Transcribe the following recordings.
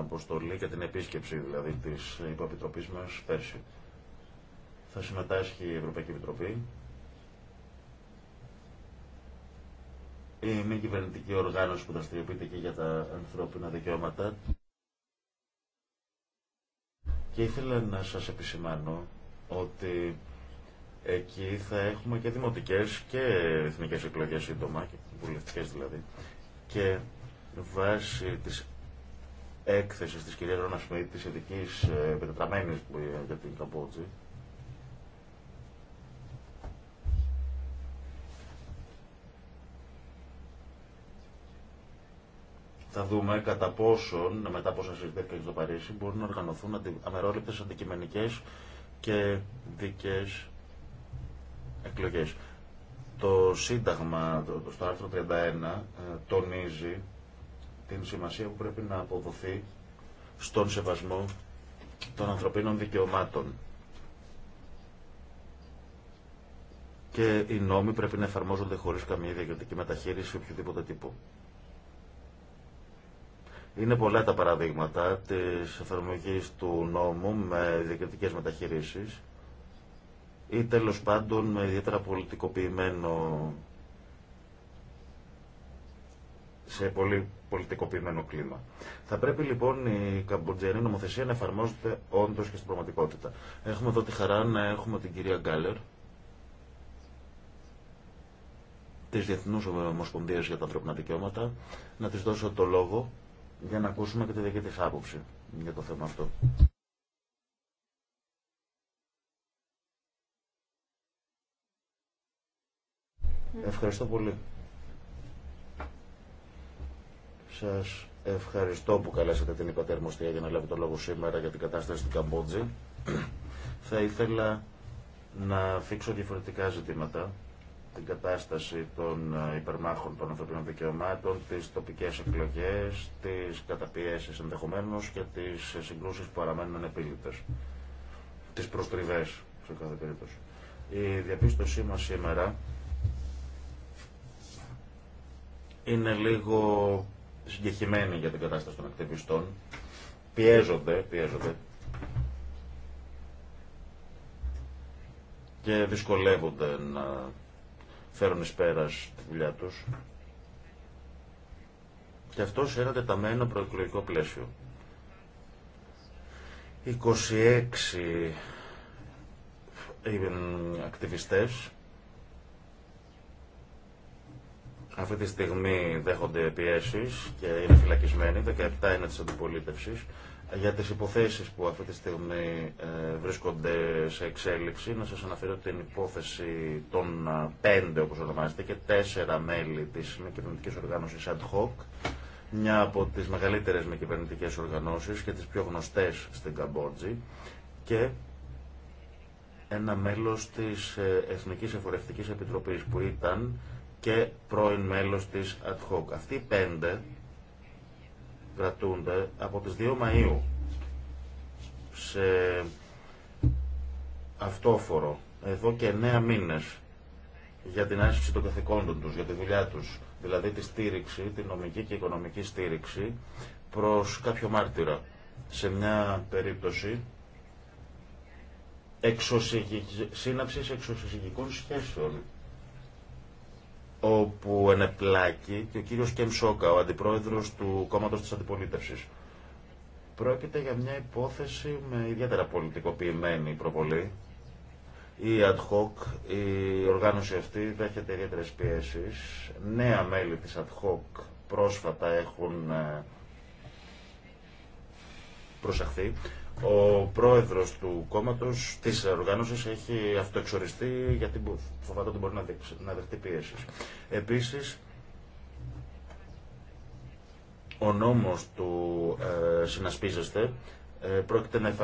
αποστολή και την επίσκεψη δηλαδή της υποεπιτροπής μας πέρσι. Θα συμμετάσχει η Ευρωπαϊκή Επιτροπή, η μη κυβερνητική οργάνωση που δραστηριοποιείται και για τα ανθρώπινα δικαιώματα. Και ήθελα να σας επισημάνω ότι εκεί θα έχουμε και δημοτικές και εθνικές εκλογές σύντομα, και βουλευτικές δηλαδή, και βάσει της έκθεση της κυρία Ρώνα Σμιτ, της ειδικής ε, ε, για την Καμπότζη, θα δούμε κατά πόσον, μετά από όσα συζητήθηκαν στο Παρίσι, μπορούν να οργανωθούν αμερόληπτες αντικειμενικές και δικές εκλογές. Το Σύνταγμα, στο άρθρο 31, ε, τονίζει την σημασία που πρέπει να αποδοθεί στον σεβασμό των ανθρωπίνων δικαιωμάτων. Και οι νόμοι πρέπει να εφαρμόζονται χωρίς καμία διακριτική μεταχείριση οποιοδήποτε τύπο. Είναι πολλά τα παραδείγματα της εφαρμογής του νόμου με διακριτικές μεταχειρήσεις ή τέλος πάντων με ιδιαίτερα πολιτικοποιημένο σε πολύ πολιτικοποιημένο κλίμα. Θα πρέπει λοιπόν η καμποτζερή νομοθεσία να εφαρμόζεται όντω και στην πραγματικότητα. Έχουμε εδώ τη χαρά να έχουμε την κυρία Γκάλερ τη Διεθνού Ομοσπονδία για τα Ανθρώπινα Δικαιώματα να τη δώσω το λόγο για να ακούσουμε και τη δική τη άποψη για το θέμα αυτό. Ευχαριστώ πολύ. Σας ευχαριστώ που καλέσατε την υπατερμοστία για να λάβει το λόγο σήμερα για την κατάσταση στην Καμπότζη. Θα ήθελα να φίξω διαφορετικά ζητήματα την κατάσταση των ε, υπερμάχων των ανθρωπίνων δικαιωμάτων, τις τοπικές εκλογές, τις καταπιέσεις ενδεχομένως και τις συγκρούσεις που παραμένουν ανεπίλητες. Τις προστριβές, σε κάθε περίπτωση. Η διαπίστωσή μας σήμερα είναι λίγο συγκεκριμένοι για την κατάσταση των ακτιβιστών. Πιέζονται, πιέζονται. Και δυσκολεύονται να φέρουν εις πέρας τη δουλειά τους. Και αυτό σε ένα τεταμένο προεκλογικό πλαίσιο. 26 ε, ακτιβιστές Αυτή τη στιγμή δέχονται πιέσει και είναι φυλακισμένοι, 17 είναι τη αντιπολίτευση. Για τι υποθέσει που αυτή τη στιγμή ε, βρίσκονται σε εξέλιξη, να σα αναφέρω την υπόθεση των ε, πέντε, όπω ονομάζεται, και τέσσερα μέλη τη μη κυβερνητική οργάνωση Ad Hoc, μια από τι μεγαλύτερε μη κυβερνητικέ οργανώσει και τι πιο γνωστέ στην Καμπότζη, και ένα μέλο τη ε, Εθνική Εφορευτική Επιτροπή που ήταν και πρώην μέλος της ad Αυτοί οι πέντε κρατούνται από τις 2 Μαΐου σε αυτόφορο εδώ και 9 μήνες για την άσκηση των καθηκόντων τους, για τη δουλειά τους, δηλαδή τη στήριξη, τη νομική και οικονομική στήριξη προς κάποιο μάρτυρα. Σε μια περίπτωση εξωσυγη... σύναψης εξωσυγικών σχέσεων όπου ενεπλάκη και ο κύριος Κεμσόκα, ο αντιπρόεδρος του κόμματος της αντιπολίτευσης. Πρόκειται για μια υπόθεση με ιδιαίτερα πολιτικοποιημένη προβολή. Η ad hoc, η οργάνωση αυτή δέχεται ιδιαίτερε πιέσει. Νέα μέλη της ad πρόσφατα έχουν ε, προσαχθεί ο πρόεδρος του κόμματος της οργάνωσης έχει αυτοεξοριστεί γιατί φοβάται ότι μπορεί να δεχτεί πίεσης. Επίσης, ο νόμος του ε, συνασπίζεστε ε, πρόκειται να ε,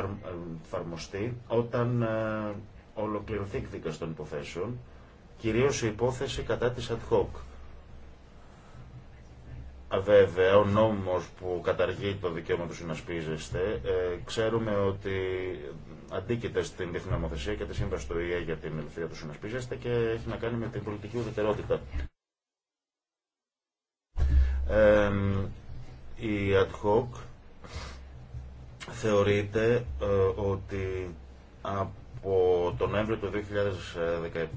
εφαρμοστεί όταν ε, ολοκληρωθεί εκδίκαση των υποθέσεων, κυρίως η υπόθεση κατά της ad Βέβαια, ο νόμος που καταργεί το δικαίωμα του συνασπίζεστε, ε, ξέρουμε ότι αντίκειται στην διεθνή και τη σύμβαση του ΙΕ για την ελευθερία του συνασπίζεστε και έχει να κάνει με την πολιτική ουδετερότητα. Ε, η ad hoc θεωρείται ε, ότι από τον Νοέμβριο του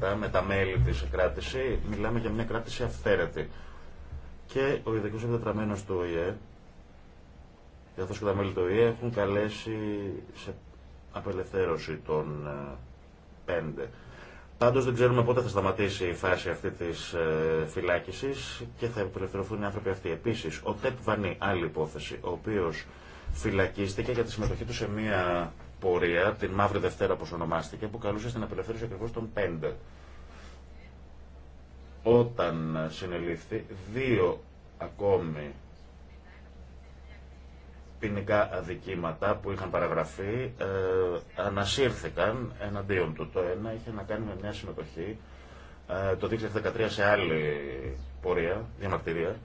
2017 με τα μέλη της κράτηση μιλάμε για μια κράτηση αυθαίρετη και ο ειδικό εκτετραμένο του ΟΗΕ, καθώ και τα μέλη του ΟΗΕ, έχουν καλέσει σε απελευθέρωση των ε, πέντε. Πάντως δεν ξέρουμε πότε θα σταματήσει η φάση αυτή της ε, και θα απελευθερωθούν οι άνθρωποι αυτοί. Επίσης, ο Τεπ άλλη υπόθεση, ο οποίος φυλακίστηκε για τη συμμετοχή του σε μία πορεία, την Μαύρη Δευτέρα όπω ονομάστηκε, που καλούσε στην απελευθέρωση ακριβώ των πέντε όταν συνελήφθη δύο ακόμη ποινικά αδικήματα που είχαν παραγραφεί ε, ανασύρθηκαν εναντίον του. Το ένα είχε να κάνει με μια συμμετοχή ε, το 2013 σε άλλη πορεία, διαμαρτυρία,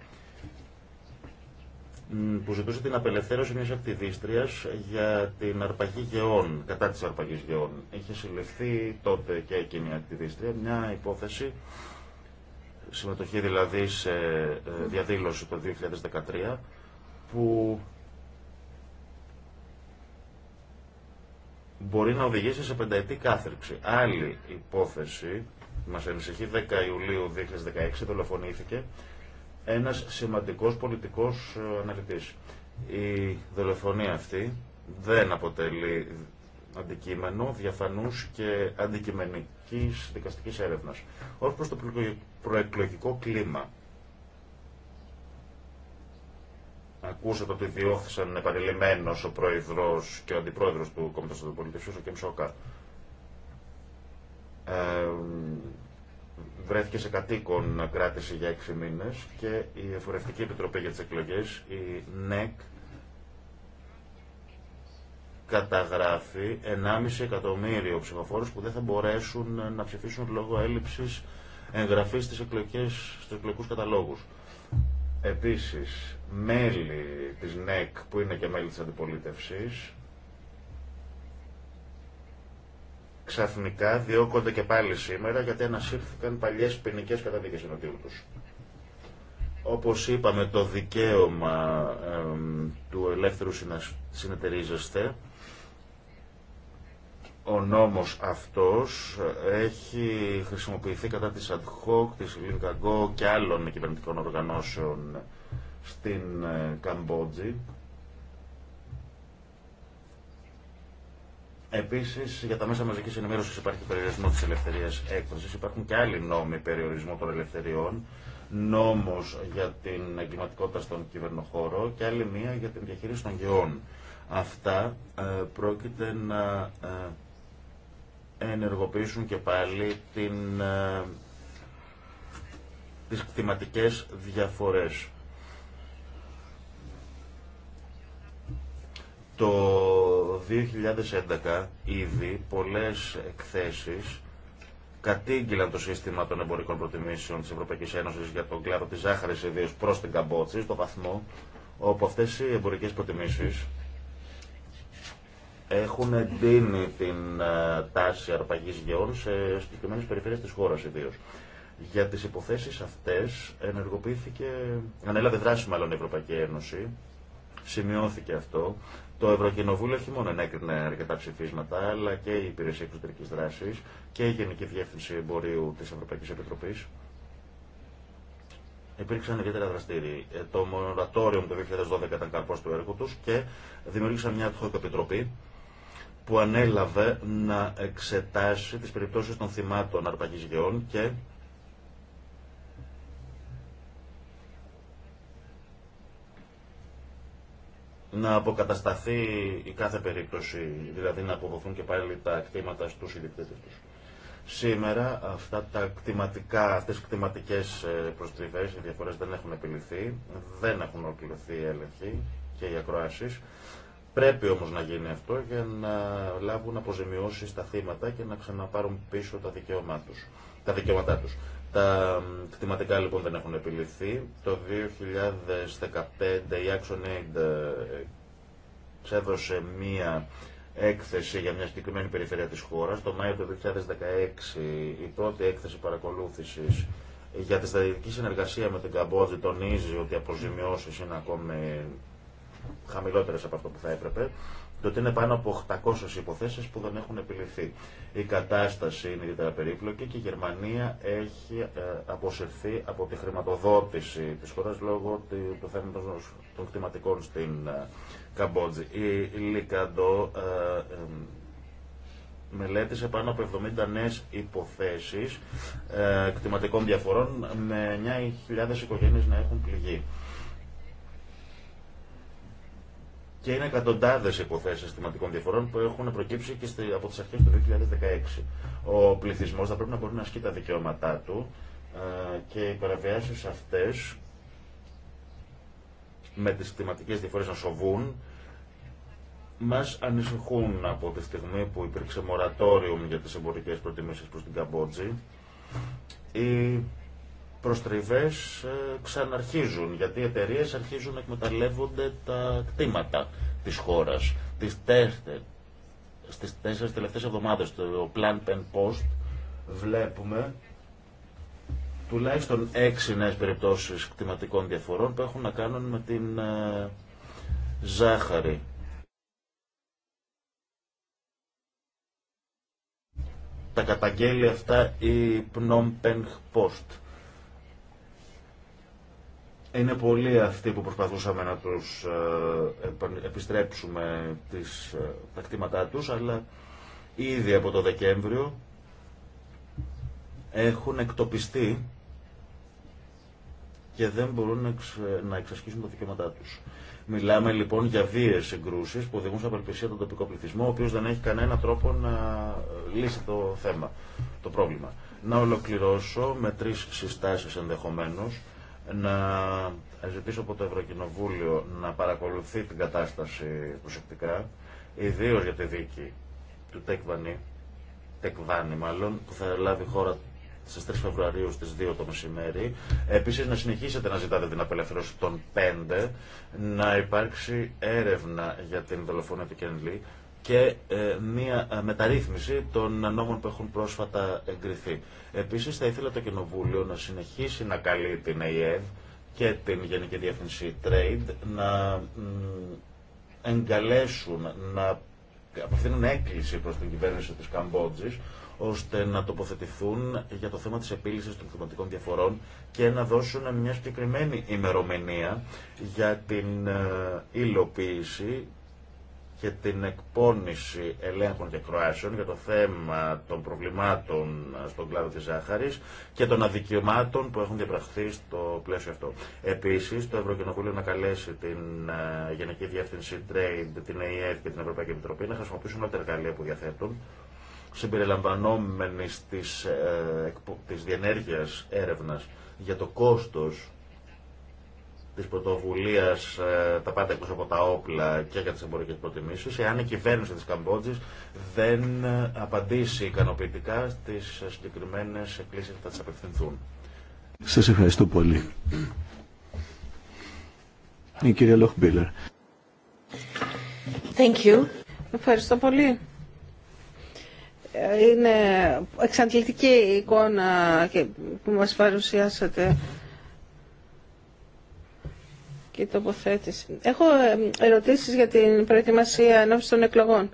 που ζητούσε την απελευθέρωση μιας ακτιβίστριας για την αρπαγή γεών, κατά της αρπαγής γεών. Είχε συλληφθεί τότε και εκείνη η ακτιβίστρια μια υπόθεση συμμετοχή δηλαδή σε ε, διαδήλωση το 2013 που μπορεί να οδηγήσει σε πενταετή κάθριξη. Άλλη υπόθεση, μας ενισχύει 10 Ιουλίου 2016, δολοφονήθηκε ένας σημαντικός πολιτικός ε, αναλυτής. Η δολοφονία αυτή δεν αποτελεί αντικείμενο διαφανούς και αντικειμενή ποινικής δικαστικής έρευνας. Ως προς το προεκλογικό κλίμα, ακούσατε ότι διώχθησαν επανειλημμένος ο πρόεδρος και ο αντιπρόεδρος του Κόμματος του ο Κέμ Σόκα, ε, βρέθηκε σε κατοίκον κράτηση για 6 μήνες και η Εφορευτική Επιτροπή για τις Εκλογές, η ΝΕΚ, καταγράφει 1,5 εκατομμύριο ψηφοφόρους που δεν θα μπορέσουν να ψηφίσουν λόγω έλλειψης εγγραφής στις εκλογέ στους εκλογικούς καταλόγους. Επίσης, μέλη της ΝΕΚ που είναι και μέλη της αντιπολίτευσης ξαφνικά διώκονται και πάλι σήμερα γιατί ανασύρθηκαν παλιές ποινικές καταδίκες εναντίον τους. Όπως είπαμε, το δικαίωμα του ελεύθερου συνεταιρίζεστε ο νόμος αυτός έχει χρησιμοποιηθεί κατά της hoc, της ΛΙΝΚΑΓΚΟ και άλλων κυβερνητικών οργανώσεων στην ε, Καμπότζη. Επίσης, για τα μέσα μαζικής ενημέρωσης υπάρχει περιορισμό της ελευθερίας έκφρασης. Υπάρχουν και άλλοι νόμοι περιορισμού των ελευθεριών. Νόμος για την εγκληματικότητα στον κυβερνοχώρο και άλλη μία για την διαχείριση των γεών. Αυτά ε, πρόκειται να ε, ενεργοποιήσουν και πάλι την, ε, τις κτηματικές διαφορές. Το 2011 ήδη πολλές εκθέσεις κατήγγυλαν το σύστημα των εμπορικών προτιμήσεων της Ευρωπαϊκής Ένωσης για τον κλάδο της ζάχαρης ιδίως προς την Καμπότση, στο βαθμό όπου αυτές οι εμπορικές προτιμήσεις έχουν εντείνει την ε, τάση αρπαγής γεών σε συγκεκριμένε περιφέρειες της χώρας ιδίω. Για τις υποθέσεις αυτές ενεργοποιήθηκε, ανέλαβε δράση μάλλον η Ευρωπαϊκή Ένωση, σημειώθηκε αυτό. Το Ευρωκοινοβούλιο όχι μόνο ενέκρινε αρκετά ψηφίσματα, αλλά και η Υπηρεσία Εξωτερικής Δράσης και η Γενική Διεύθυνση Εμπορίου της Ευρωπαϊκής Επιτροπής. Υπήρξαν ιδιαίτερα δραστήριοι. Ε, το μορατόριο του 2012 ήταν καρπό του έργου του και δημιούργησαν μια ad επιτροπή που ανέλαβε να εξετάσει τις περιπτώσεις των θυμάτων αρπαγής γεών και να αποκατασταθεί η κάθε περίπτωση, δηλαδή να αποδοθούν και πάλι τα κτήματα στους ιδιοκτήτες τους. Σήμερα αυτά τα κτηματικά, αυτές οι κτηματικές ε, προστριβές, οι διαφορές δεν έχουν επιληθεί, δεν έχουν ολοκληρωθεί οι έλεγχοι και οι ακροάσεις. Πρέπει όμως να γίνει αυτό για να λάβουν αποζημιώσεις τα θύματα και να ξαναπάρουν πίσω τα, δικαιώματά τους. τα δικαιώματά τους. Τα κτηματικά λοιπόν δεν έχουν επιληθεί. Το 2015 η Action Aid ε, ξέδωσε μία έκθεση για μια συγκεκριμένη περιφέρεια της χώρας. Το Μάιο του 2016 η πρώτη έκθεση παρακολούθησης για τη στρατηγική συνεργασία με την Καμπότζη τονίζει ότι οι αποζημιώσεις είναι ακόμη χαμηλότερε από αυτό που θα έπρεπε, το ότι είναι πάνω από 800 υποθέσει που δεν έχουν επιληθεί. Η κατάσταση είναι ιδιαίτερα περίπλοκη και η Γερμανία έχει ε, αποσυρθεί από τη χρηματοδότηση τη χώρα λόγω του θέματος των κτηματικών στην ε, Καμπότζη. Η Λίκαντο ε, μελέτησε πάνω από 70 νέε υποθέσει κτηματικών διαφορών με 9.000 οικογένειε να έχουν πληγεί. Και είναι εκατοντάδε υποθέσει στιματικών διαφορών που έχουν προκύψει και από τι αρχέ του 2016. Ο πληθυσμό θα πρέπει να μπορεί να ασκεί τα δικαιώματά του ε, και οι παραβιάσει αυτέ με τι αισθηματικέ διαφορέ να σοβούν. Μα ανησυχούν από τη στιγμή που υπήρξε μορατόριο για τι εμπορικέ προτιμήσει προ την Καμπότζη προστριβές ε, ξαναρχίζουν, γιατί οι εταιρείε αρχίζουν να εκμεταλλεύονται τα κτήματα της χώρας. Τις τέστε, στις τέσσερις τελευταίες εβδομάδες το Plan Pen Post βλέπουμε τουλάχιστον έξι νέες περιπτώσεις κτηματικών διαφορών που έχουν να κάνουν με την ε, ζάχαρη. Τα καταγγέλει αυτά η Phnom Penh Post. Είναι πολλοί αυτοί που προσπαθούσαμε να τους ε, επιστρέψουμε τις, ε, τα κτήματά τους, αλλά ήδη από το Δεκέμβριο έχουν εκτοπιστεί και δεν μπορούν να εξασκήσουν τα δικαιώματά τους. Μιλάμε λοιπόν για βίε συγκρούσει που οδηγούν σε απελπισία τον τοπικό πληθυσμό, ο οποίος δεν έχει κανένα τρόπο να ε, λύσει το θέμα, το πρόβλημα. Να ολοκληρώσω με τρεις συστάσεις ενδεχομένως να ζητήσω από το Ευρωκοινοβούλιο να παρακολουθεί την κατάσταση προσεκτικά, ιδίω για τη δίκη του Τεκβανή, Τεκβάνη μάλλον, που θα λάβει χώρα στι 3 Φεβρουαρίου στι 2 το μεσημέρι. Επίση, να συνεχίσετε να ζητάτε την απελευθέρωση των 5, να υπάρξει έρευνα για την δολοφονία του Κενλή και ε, μια ε, μεταρρύθμιση των νόμων που έχουν πρόσφατα εγκριθεί. Επίσης θα ήθελα το Κοινοβούλιο να συνεχίσει να καλεί την ΑΕΔ και την Γενική Διεύθυνση Trade να εγκαλέσουν, να απευθύνουν έκκληση προς την κυβέρνηση της Καμπότζης ώστε να τοποθετηθούν για το θέμα της επίλυσης των κλιματικών διαφορών και να δώσουν μια συγκεκριμένη ημερομηνία για την ε, υλοποίηση και την εκπόνηση ελέγχων και κροάσεων για το θέμα των προβλημάτων στον κλάδο της ζάχαρης και των αδικαιωμάτων που έχουν διαπραχθεί στο πλαίσιο αυτό. Επίσης, το Ευρωκοινοβούλιο να καλέσει την ε, Γενική Διεύθυνση Trade, την ΕΕ και την Ευρωπαϊκή Επιτροπή να χρησιμοποιήσουν τα εργαλεία που διαθέτουν συμπεριλαμβανόμενης της, ε, της έρευνας για το κόστος τη πρωτοβουλία ε, τα πάντα εκτό από τα όπλα και για τι εμπορικέ προτιμήσει, εάν η κυβέρνηση τη Καμπότζη δεν ε, απαντήσει ικανοποιητικά στι συγκεκριμένε εκκλήσει που θα τι απευθυνθούν. Σα ευχαριστώ πολύ. Η κυρία Λοχμπίλερ. Thank you. Ευχαριστώ πολύ. Ε, είναι εξαντλητική η εικόνα που μας παρουσιάσατε και τοποθέτηση. Έχω ε, ερωτήσεις για την προετοιμασία ενώπιση των εκλογών.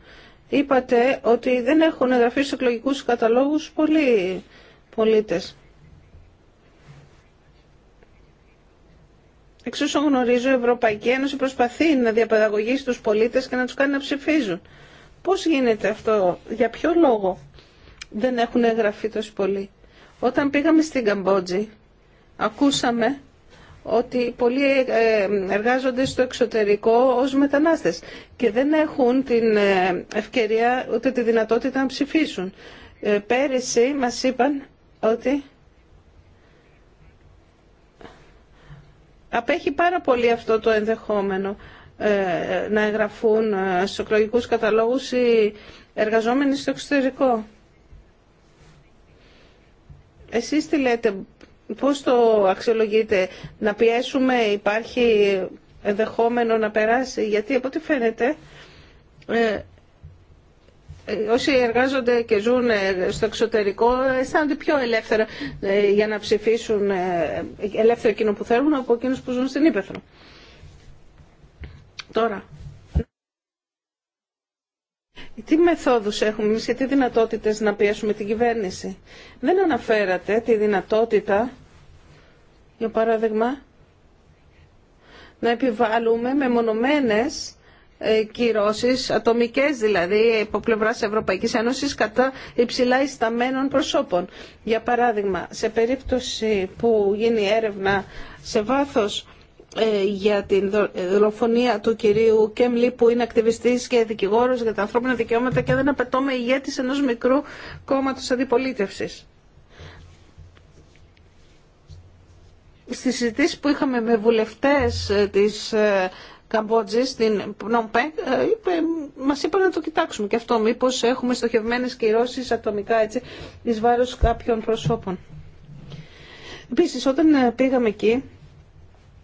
Είπατε ότι δεν έχουν εγγραφεί στους εκλογικούς καταλόγους πολλοί πολίτες. Εξ όσων γνωρίζω, η Ευρωπαϊκή Ένωση προσπαθεί να διαπαιδαγωγήσει τους πολίτες και να τους κάνει να ψηφίζουν. Πώς γίνεται αυτό, για ποιο λόγο δεν έχουν εγγραφεί τόσοι πολλοί. Όταν πήγαμε στην Καμπότζη, ακούσαμε ότι πολλοί ε, εργάζονται στο εξωτερικό ως μετανάστες και δεν έχουν την ε, ευκαιρία ούτε τη δυνατότητα να ψηφίσουν. Ε, πέρυσι μας είπαν ότι απέχει πάρα πολύ αυτό το ενδεχόμενο να εγγραφούν στους εκλογικούς καταλόγους οι εργαζόμενοι στο εξωτερικό. Εσείς τι λέτε, Πώς το αξιολογείτε, να πιέσουμε, υπάρχει ενδεχόμενο να περάσει, γιατί από ό,τι φαίνεται ε, ε, όσοι εργάζονται και ζουν ε, στο εξωτερικό αισθάνονται πιο ελεύθερα για να ψηφίσουν ελεύθερο εκείνο που θέλουν από εκείνους που ζουν στην Ήπεθρο. Τώρα, τι μεθόδους έχουμε εμείς και τι δυνατότητες να πιέσουμε την κυβέρνηση. Δεν αναφέρατε τη δυνατότητα, για παράδειγμα, να επιβάλλουμε μεμονωμένες ε, κυρώσεις, ατομικές δηλαδή, από πλευράς Ευρωπαϊκής Ένωσης κατά υψηλά ισταμένων προσώπων. Για παράδειγμα, σε περίπτωση που γίνει έρευνα σε βάθος ε, για την ε, δολοφονία του κυρίου Κέμλι που είναι ακτιβιστής και δικηγόρος για τα ανθρώπινα δικαιώματα και δεν με ηγέτης ενός μικρού κόμματος αντιπολίτευσης. Στις συζητήσεις που είχαμε με βουλευτές ε, της Καμπότζη, στην Πνομπέ, είπε, μας είπαν να το κοιτάξουμε και αυτό μήπως έχουμε στοχευμένες κυρώσεις ατομικά έτσι, εις βάρος κάποιων προσώπων. Επίσης, όταν πήγαμε εκεί,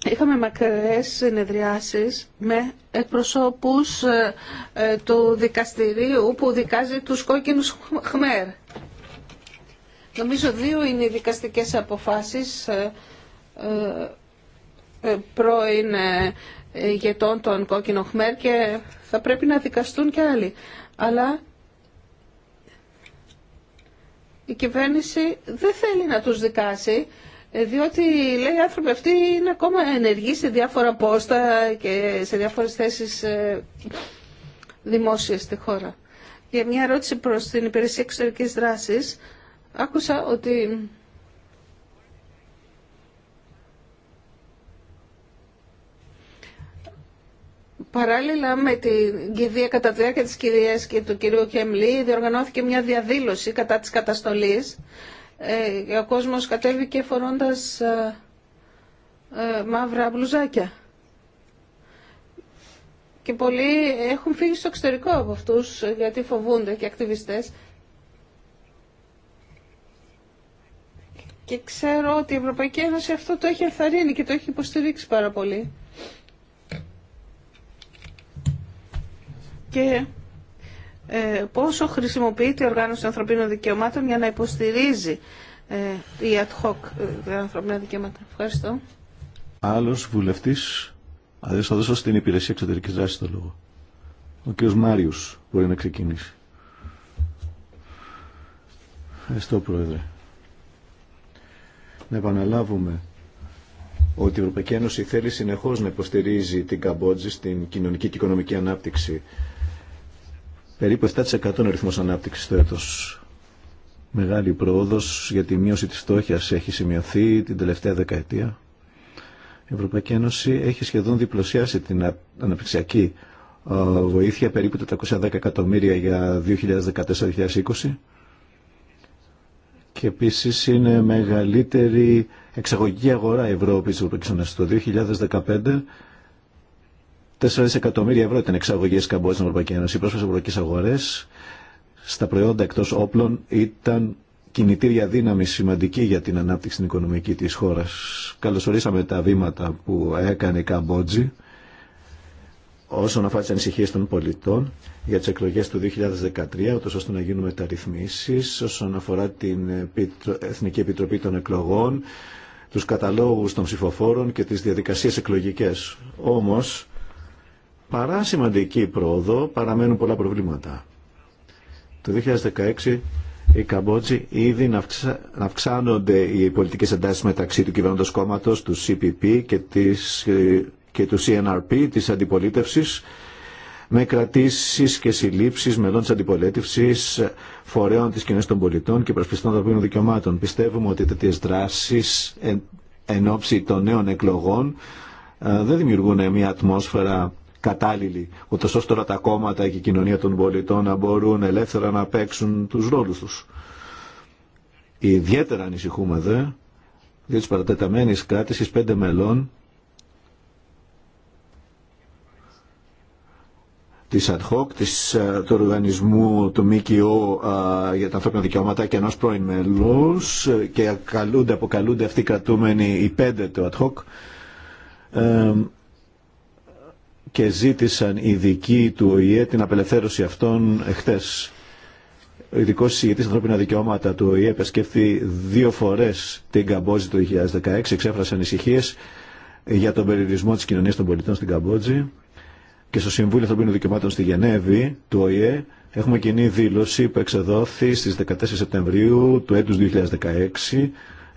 Είχαμε μακρές συνεδριάσεις με εκπροσώπους του δικαστηρίου που δικάζει τους κόκκινους χμέρ. Νομίζω δύο είναι οι δικαστικές αποφάσεις πρώην ηγετών των κόκκινων χμέρ και θα πρέπει να δικαστούν και άλλοι. Αλλά η κυβέρνηση δεν θέλει να τους δικάσει ε, διότι λέει οι άνθρωποι αυτοί είναι ακόμα ενεργοί σε διάφορα πόστα και σε διάφορες θέσεις ε, δημόσιες στη χώρα. Για μια ερώτηση προς την Υπηρεσία Εξωτερικής Δράσης, άκουσα ότι Παράλληλα με την κηδεία κατά τη διάρκεια της κυρίας και του κυρίου Κεμλή διοργανώθηκε μια διαδήλωση κατά της καταστολής ε, ο κόσμος κατέβηκε φορώντας ε, ε, μαύρα μπλουζάκια. Και πολλοί έχουν φύγει στο εξωτερικό από αυτούς γιατί φοβούνται και ακτιβιστές. Και ξέρω ότι η Ευρωπαϊκή Ένωση αυτό το έχει ενθαρρύνει και το έχει υποστηρίξει πάρα πολύ. Και ε, πόσο χρησιμοποιείται η Οργάνωση Ανθρωπίνων Δικαιωμάτων για να υποστηρίζει ε, η ad hoc για ε, ανθρωπίνα δικαιώματα. Ευχαριστώ. Άλλο βουλευτή. θα δώσω στην υπηρεσία εξωτερικής Δράση το λόγο. Ο κ. Μάριο μπορεί να ξεκινήσει. Ευχαριστώ Πρόεδρε. Να επαναλάβουμε ότι η Ευρωπαϊκή Ένωση θέλει συνεχώς να υποστηρίζει την Καμπότζη στην κοινωνική και οικονομική ανάπτυξη. Περίπου 7% είναι ο ρυθμός ανάπτυξης το έτος. Μεγάλη πρόοδος για τη μείωση της φτώχεια έχει σημειωθεί την τελευταία δεκαετία. Η Ευρωπαϊκή Ένωση έχει σχεδόν διπλωσιάσει την αναπτυξιακή βοήθεια, περίπου 410 εκατομμύρια για 2014-2020 και επίση είναι μεγαλύτερη εξαγωγική αγορά Ευρώπης Ευρωπαϊκής Ένωσης. Το 2015 4 εκατομμυρια ευρώ ήταν εξαγωγέ Καμπότζη στην Ευρωπαϊκή Ένωση. Οι πρόσφατε ευρωπαϊκέ αγορέ στα προϊόντα εκτό όπλων ήταν κινητήρια δύναμη σημαντική για την ανάπτυξη στην οικονομική τη χώρα. Καλωσορίσαμε τα βήματα που έκανε η Καμπότζη όσον αφορά τι ανησυχίε των πολιτών για τι εκλογέ του 2013, ούτω ώστε να γίνουν μεταρρυθμίσει όσον αφορά την Εθνική Επιτροπή των Εκλογών, του καταλόγου των ψηφοφόρων και τι διαδικασίε εκλογικέ. Όμω, Παρά σημαντική πρόοδο παραμένουν πολλά προβλήματα. Το 2016 η Καμπότζη ήδη να αυξάνονται οι πολιτικές εντάσεις μεταξύ του κυβερνώντος κόμματος, του CPP και, της, και του CNRP, της αντιπολίτευσης, με κρατήσεις και συλλήψεις μελών της αντιπολίτευσης, φορέων της κοινωνίας των πολιτών και προσπιστών των οποίων δικαιωμάτων. Πιστεύουμε ότι τέτοιε δράσεις εν, εν ώψη των νέων εκλογών ε, δεν δημιουργούν μια ατμόσφαιρα κατάλληλοι, ούτως ώστε όλα τα κόμματα και η κοινωνία των πολιτών να μπορούν ελεύθερα να παίξουν τους ρόλους τους. Ιδιαίτερα ανησυχούμε δε για τις παρατεταμένες κράτησης πέντε μελών της ΑΤΧΟΚ, ε, του οργανισμού του ΜΚΟ ε, για τα ανθρώπινα δικαιώματα και ενός πρώην μελούς ε, και αποκαλούνται αυτοί οι κρατούμενοι οι πέντε του ad και ζήτησαν οι ειδικοί του ΟΗΕ την απελευθέρωση αυτών εχθές. Ο ειδικό της ανθρώπινα δικαιώματα του ΟΗΕ επισκέφθη δύο φορέ την Καμπότζη το 2016. Εξέφρασε ανησυχίε για τον περιορισμό τη κοινωνία των πολιτών στην Καμπότζη. Και στο Συμβούλιο Ανθρωπίνων Δικαιωμάτων στη Γενέβη του ΟΗΕ έχουμε κοινή δήλωση που εξεδόθη στι 14 Σεπτεμβρίου του έτου 2016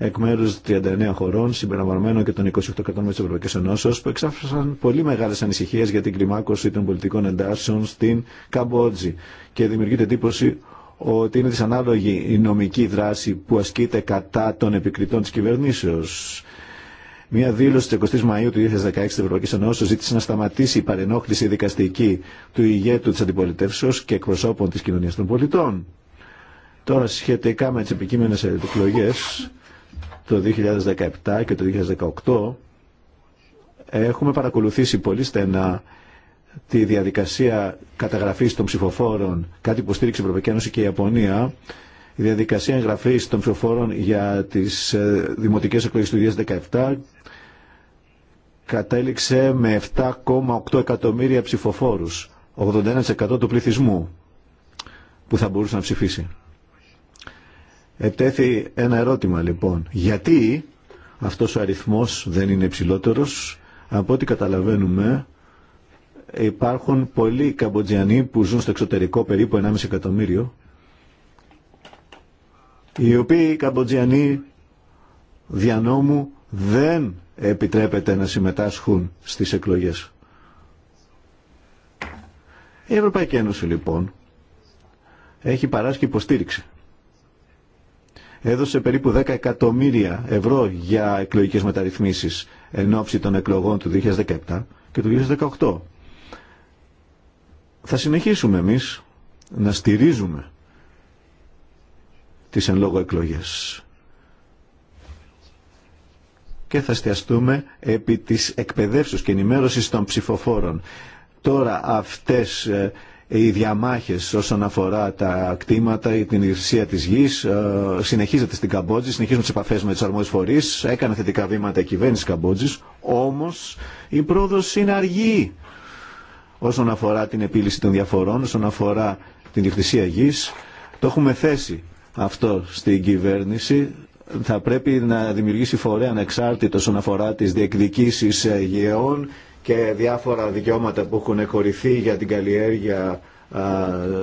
εκ μέρου 39 χωρών, συμπεριλαμβανομένων και των 28 κρατών τη Ευρωπαϊκή Ενώσεω, που εξάφρασαν πολύ μεγάλε ανησυχίε για την κλιμάκωση των πολιτικών εντάσεων στην Καμπότζη. Και δημιουργείται εντύπωση ότι είναι δυσανάλογη η νομική δράση που ασκείται κατά των επικριτών τη κυβερνήσεω. Μία δήλωση τη 20 Μαου του 2016 τη Ευρωπαϊκή Ενώσεω ζήτησε να σταματήσει η παρενόχληση δικαστική του ηγέτου τη αντιπολιτεύσεω και εκπροσώπων τη κοινωνία των πολιτών. Τώρα, σχετικά με τι επικείμενε εκλογέ, το 2017 και το 2018 έχουμε παρακολουθήσει πολύ στενά τη διαδικασία καταγραφής των ψηφοφόρων, κάτι που στήριξε η Ευρωπαϊκή Ένωση και η Ιαπωνία, η διαδικασία εγγραφής των ψηφοφόρων για τις ε, δημοτικές εκλογές του 2017 κατέληξε με 7,8 εκατομμύρια ψηφοφόρους, 81% του πληθυσμού που θα μπορούσε να ψηφίσει. Ετέθη ένα ερώτημα λοιπόν. Γιατί αυτός ο αριθμός δεν είναι υψηλότερος. Από ό,τι καταλαβαίνουμε υπάρχουν πολλοί Καμποτζιανοί που ζουν στο εξωτερικό περίπου 1,5 εκατομμύριο οι οποίοι οι Καμποτζιανοί διανόμου δεν επιτρέπεται να συμμετάσχουν στις εκλογές. Η Ευρωπαϊκή Ένωση λοιπόν έχει παράσχει υποστήριξη έδωσε περίπου 10 εκατομμύρια ευρώ για εκλογικές μεταρρυθμίσεις εν ώψη των εκλογών του 2017 και του 2018. Θα συνεχίσουμε εμείς να στηρίζουμε τις εν λόγω εκλογές και θα εστιαστούμε επί της εκπαιδεύσεως και ενημέρωσης των ψηφοφόρων. Τώρα αυτές ε, οι διαμάχες όσον αφορά τα κτήματα ή την ιδιοκτησία της γης ε, συνεχίζεται στην Καμπότζη, συνεχίζουν τις επαφές με τις αρμόδιες φορείς, έκανε θετικά βήματα η κυβέρνηση Καμπότζης, όμως η πρόοδος είναι αργή όσον αφορά την επίλυση των διαφορών, όσον αφορά την ιδιοκτησία γης. Το έχουμε θέσει αυτό στην κυβέρνηση, θα πρέπει να δημιουργήσει φορέα ανεξάρτητο όσον αφορά τις διεκδικήσεις ε, γεών και διάφορα δικαιώματα που έχουν χωρηθεί για την καλλιέργεια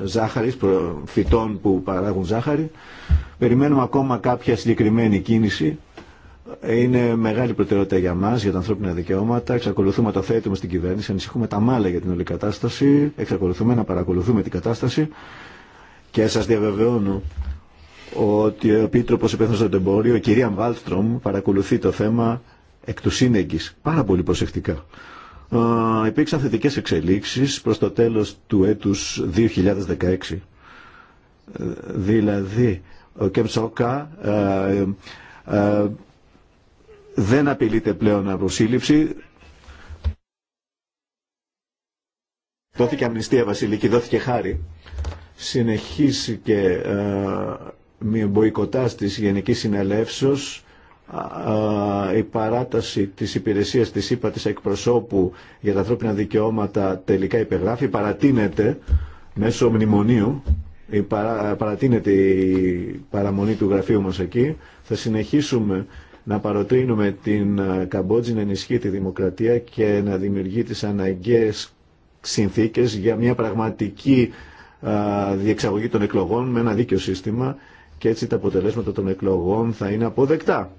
ζάχαρης, φυτών που παράγουν ζάχαρη. Περιμένουμε ακόμα κάποια συγκεκριμένη κίνηση. Είναι μεγάλη προτεραιότητα για μας, για τα ανθρώπινα δικαιώματα. Εξακολουθούμε το θέτουμε στην κυβέρνηση. Ανησυχούμε τα μάλα για την όλη κατάσταση. Εξακολουθούμε να παρακολουθούμε την κατάσταση. Και σα διαβεβαιώνω ότι ο Επίτροπος Υπεύθυνο για το η κυρία Βάλστρομ, παρακολουθεί το θέμα εκ του σύνεγγης, πάρα πολύ προσεκτικά υπήρξαν θετικές εξελίξεις προς το τέλος του έτους 2016. Ε, δηλαδή, ο Κεμψόκα ε, ε, δεν απειλείται πλέον από σύλληψη. Δόθηκε αμνηστία βασιλική, δόθηκε χάρη. Συνεχίστηκε μία με μποϊκοτάς της Γενικής Συνελεύσεως η παράταση της υπηρεσίας της ΥΠΑ της εκπροσώπου για τα ανθρώπινα δικαιώματα τελικά υπεγράφει, παρατείνεται μέσω μνημονίου, η παρατείνεται η παραμονή του γραφείου μας εκεί. Θα συνεχίσουμε να παροτρύνουμε την Καμπότζη να ενισχύει τη δημοκρατία και να δημιουργεί τις αναγκαίες συνθήκες για μια πραγματική διεξαγωγή των εκλογών με ένα δίκαιο σύστημα και έτσι τα αποτελέσματα των εκλογών θα είναι αποδεκτά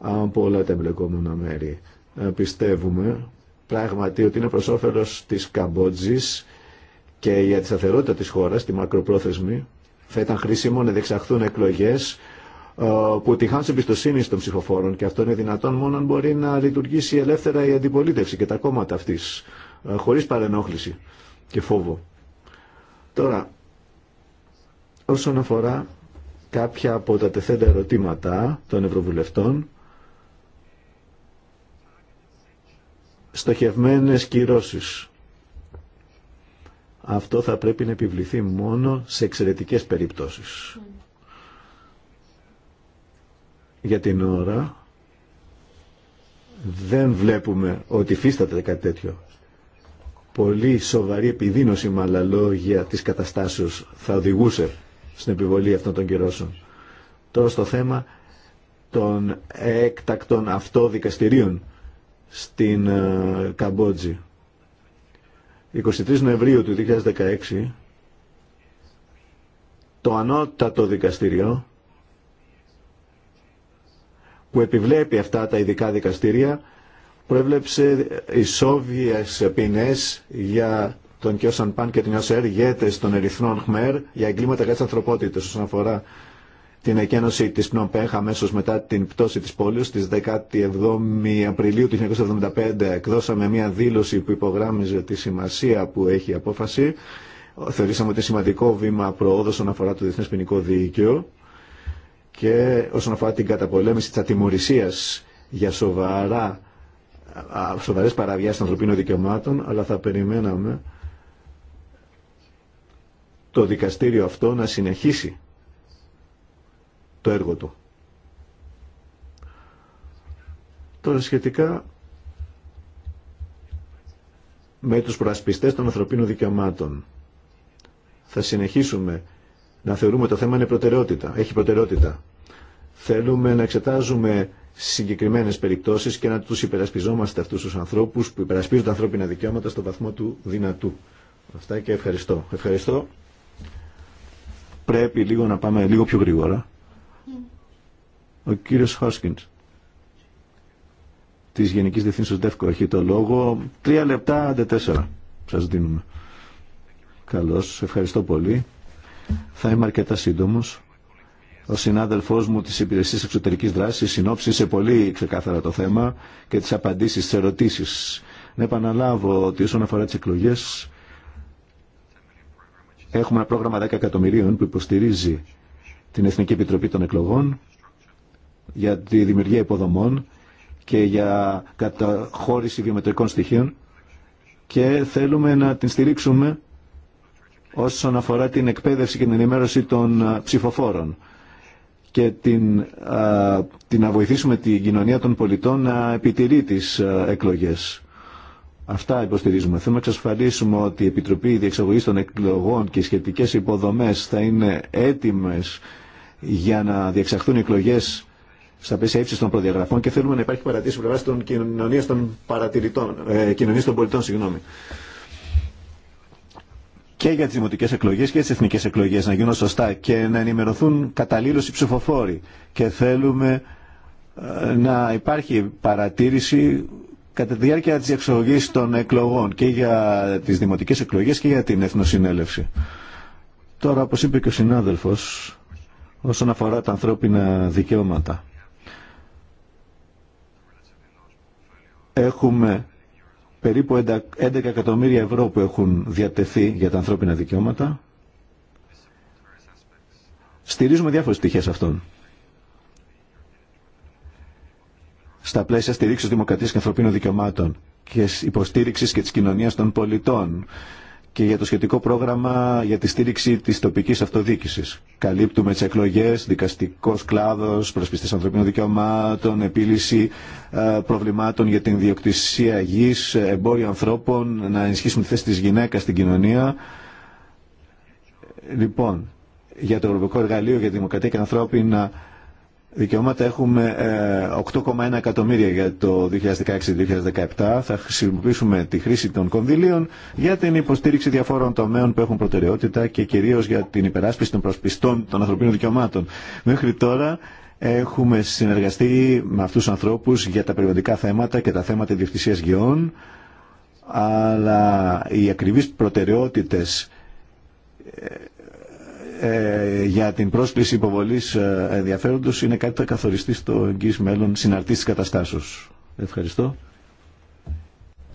από όλα τα εμπλεκόμενα μέρη. Ε, πιστεύουμε πράγματι ότι είναι προς όφελος της Καμπότζης και για τη σταθερότητα της χώρας, τη μακροπρόθεσμη, θα ήταν χρήσιμο να διεξαχθούν εκλογές ε, που τη σε εμπιστοσύνη των ψηφοφόρων και αυτό είναι δυνατόν μόνο αν μπορεί να λειτουργήσει ελεύθερα η αντιπολίτευση και τα κόμματα αυτής, ε, χωρίς παρενόχληση και φόβο. Τώρα, όσον αφορά κάποια από τα τεθέντα ερωτήματα των Ευρωβουλευτών, στοχευμένες κυρώσεις. Αυτό θα πρέπει να επιβληθεί μόνο σε εξαιρετικές περιπτώσεις. Για την ώρα δεν βλέπουμε ότι φύσταται κάτι τέτοιο. Πολύ σοβαρή επιδείνωση με άλλα λόγια της καταστάσεως θα οδηγούσε στην επιβολή αυτών των κυρώσεων. Τώρα στο θέμα των έκτακτων αυτοδικαστηρίων στην ε, Καμπότζη. 23 Νοεμβρίου του 2016 το ανώτατο δικαστήριο που επιβλέπει αυτά τα ειδικά δικαστήρια προέβλεψε ισόβιες ποινές για τον Κιώσαν Παν και την Ιωσέρ, ηγέτες των Ερυθρών Χμέρ, για εγκλήματα κατά της ανθρωπότητας όσον αφορά την εκένωση της Πνομπέχ αμέσως μετά την πτώση της πόλης στις 17 Απριλίου του 1975 εκδώσαμε μια δήλωση που υπογράμμιζε τη σημασία που έχει η απόφαση. Θεωρήσαμε ότι σημαντικό βήμα προόδου όσον αφορά το Διεθνές Ποινικό Δίκαιο και όσον αφορά την καταπολέμηση της ατιμωρησίας για σοβαρά, σοβαρές παραβιάσεις των ανθρωπίνων δικαιωμάτων, αλλά θα περιμέναμε το δικαστήριο αυτό να συνεχίσει το έργο του. Τώρα σχετικά με τους προασπιστές των ανθρωπίνων δικαιωμάτων. Θα συνεχίσουμε να θεωρούμε το θέμα είναι προτεραιότητα, έχει προτεραιότητα. Θέλουμε να εξετάζουμε συγκεκριμένες περιπτώσεις και να τους υπερασπιζόμαστε αυτούς τους ανθρώπους που τα ανθρώπινα δικαιώματα στον βαθμό του δυνατού. Αυτά και ευχαριστώ. Ευχαριστώ. Πρέπει λίγο να πάμε λίγο πιο γρήγορα. Ο κύριος Χόσκιντς της Γενικής Διευθύνσεως ΔΕΦΚΟ έχει το λόγο. Τρία λεπτά, άντε τέσσερα σας δίνουμε. Καλώς, ευχαριστώ πολύ. Θα είμαι αρκετά σύντομος. Ο συνάδελφός μου της Υπηρεσίας Εξωτερικής Δράσης συνόψισε πολύ ξεκάθαρα το θέμα και τις απαντήσεις, τις ερωτήσεις. Να επαναλάβω ότι όσον αφορά τις εκλογές έχουμε ένα πρόγραμμα 10 εκατομμυρίων που υποστηρίζει την Εθνική Επιτροπή των Εκλογών για τη δημιουργία υποδομών και για καταχώρηση βιομετρικών στοιχείων και θέλουμε να την στηρίξουμε όσον αφορά την εκπαίδευση και την ενημέρωση των ψηφοφόρων και την, την να βοηθήσουμε την κοινωνία των πολιτών να επιτηρεί τις εκλογές. Αυτά υποστηρίζουμε. Θέλουμε να εξασφαλίσουμε ότι η Επιτροπή Διεξαγωγής των Εκλογών και οι σχετικές υποδομές θα είναι έτοιμες για να διεξαχθούν εκλογές στα πλαίσια ύψη των προδιαγραφών και θέλουμε να υπάρχει παρατήρηση πλευρά των κοινωνία των παρατηρητών, ε, κοινωνία των πολιτών, συγγνώμη. Και για τι δημοτικέ εκλογέ και τι εθνικέ εκλογέ να γίνουν σωστά και να ενημερωθούν καταλήλω οι ψηφοφόροι. Και θέλουμε ε, να υπάρχει παρατήρηση κατά τη διάρκεια τη εξογής των εκλογών και για τι δημοτικέ εκλογέ και για την Εθνοσυνέλευση. Τώρα, όπω είπε και ο συνάδελφο, όσον αφορά τα ανθρώπινα δικαιώματα. Έχουμε περίπου 11 εκατομμύρια ευρώ που έχουν διατεθεί για τα ανθρώπινα δικαιώματα. Στηρίζουμε διάφορες στοιχείες αυτών. Στα πλαίσια στηρίξης δημοκρατίας και ανθρωπίνων δικαιωμάτων και υποστήριξης και της κοινωνίας των πολιτών και για το σχετικό πρόγραμμα για τη στήριξη της τοπικής αυτοδιοίκηση. Καλύπτουμε τι εκλογέ, δικαστικό κλάδο, προσπιστή ανθρωπίνων δικαιωμάτων, επίλυση ε, προβλημάτων για την διοκτησία γη εμπόριο ανθρώπων, να ενισχύσουμε τη θέση τη γυναίκας στην κοινωνία. Λοιπόν, για το Ευρωπαϊκό Εργαλείο για Δημοκρατία και Ανθρώπινα δικαιώματα έχουμε 8,1 ε, εκατομμύρια για το 2016-2017. Θα χρησιμοποιήσουμε τη χρήση των κονδυλίων για την υποστήριξη διαφόρων τομέων που έχουν προτεραιότητα και κυρίως για την υπεράσπιση των προσπιστών των ανθρωπίνων δικαιωμάτων. Μέχρι τώρα έχουμε συνεργαστεί με αυτούς τους ανθρώπους για τα περιβαλλοντικά θέματα και τα θέματα διευθυνσίας γεών, αλλά οι ακριβείς προτεραιότητες ε, ε, για την πρόσκληση υποβολής ε, ενδιαφέροντος είναι κάτι που θα καθοριστεί στο εγγύ μέλλον συναρτής της καταστάσεως. Ευχαριστώ.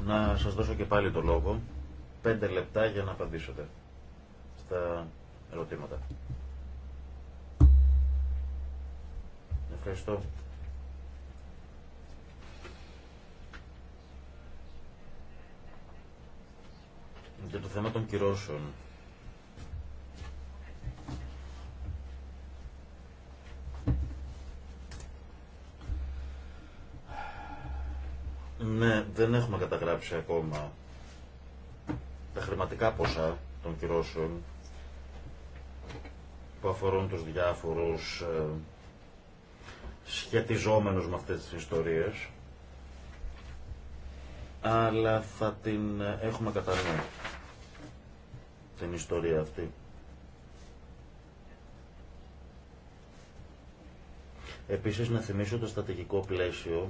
Να σας δώσω και πάλι το λόγο. Πέντε λεπτά για να απαντήσετε στα ερωτήματα. Ευχαριστώ. Για το θέμα των κυρώσεων Ναι, δεν έχουμε καταγράψει ακόμα τα χρηματικά ποσά των κυρώσεων που αφορούν τους διάφορους ε, σχετιζόμενους με αυτές τις ιστορίες αλλά θα την ε, έχουμε κατά την ιστορία αυτή. Επίσης να θυμίσω το στρατηγικό πλαίσιο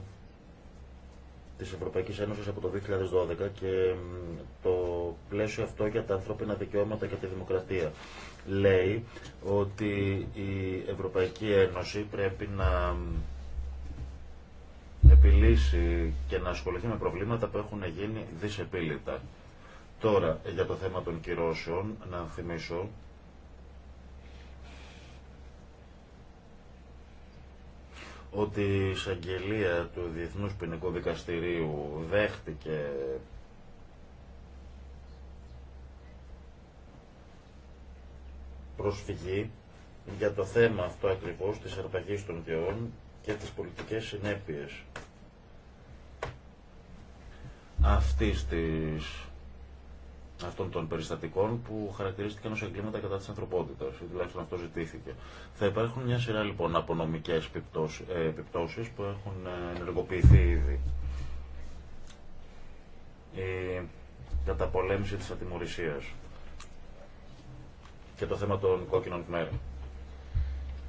της Ευρωπαϊκής Ένωση από το 2012 και το πλαίσιο αυτό για τα ανθρώπινα δικαιώματα και τη δημοκρατία. Λέει ότι η Ευρωπαϊκή Ένωση πρέπει να επιλύσει και να ασχοληθεί με προβλήματα που έχουν γίνει δυσεπίλητα. Τώρα, για το θέμα των κυρώσεων, να θυμίσω ότι η εισαγγελία του Διεθνούς Ποινικού Δικαστηρίου δέχτηκε προσφυγή για το θέμα αυτό ακριβώς της αρπαγής των γεών και τις πολιτικές συνέπειες αυτής της αυτών των περιστατικών που χαρακτηρίστηκαν ως εγκλήματα κατά της ανθρωπότητα. Λοιπόν, ε, ε, η τουλαχιστον αυτο ζητηθηκε θα υπαρχουν μια σειρα λοιπον απο νομικες που εχουν ενεργοποιηθει ηδη η καταπολεμηση της ατιμορρησία και το θέμα των κόκκινων πμέρων.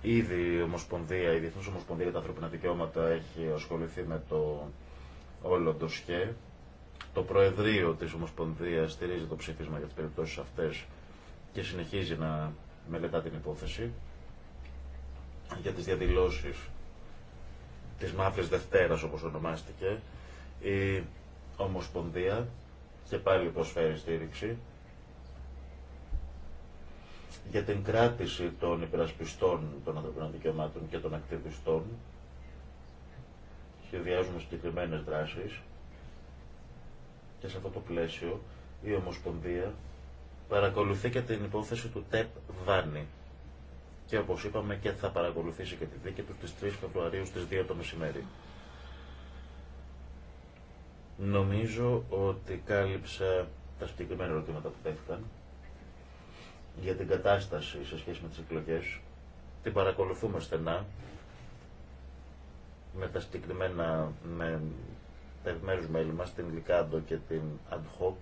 Ήδη η Ομοσπονδία, η Διεθνούς Ομοσπονδία για τα Ανθρωπίνα Δικαιώματα έχει ασχοληθεί με το όλο το το Προεδρείο της Ομοσπονδίας στηρίζει το ψήφισμα για τις περιπτώσεις αυτές και συνεχίζει να μελετά την υπόθεση για τις διαδηλώσεις της Μαύρης Δευτέρας όπως ονομάστηκε η Ομοσπονδία και πάλι προσφέρει στήριξη για την κράτηση των υπερασπιστών των ανθρωπινών δικαιωμάτων και των ακτιβιστών σχεδιάζουμε συγκεκριμένε δράσεις και σε αυτό το πλαίσιο η Ομοσπονδία παρακολουθεί και την υπόθεση του ΤΕΠ Βάνη. Και όπως είπαμε και θα παρακολουθήσει και τη δίκη του στις 3 Φεβρουαρίου στι 2 το μεσημέρι. Νομίζω ότι κάλυψα τα συγκεκριμένα ερωτήματα που τέθηκαν για την κατάσταση σε σχέση με τις εκλογές. Την παρακολουθούμε στενά με τα συγκεκριμένα με τα επιμέρους μέλη μας, την Λικάντο και την Ad hoc.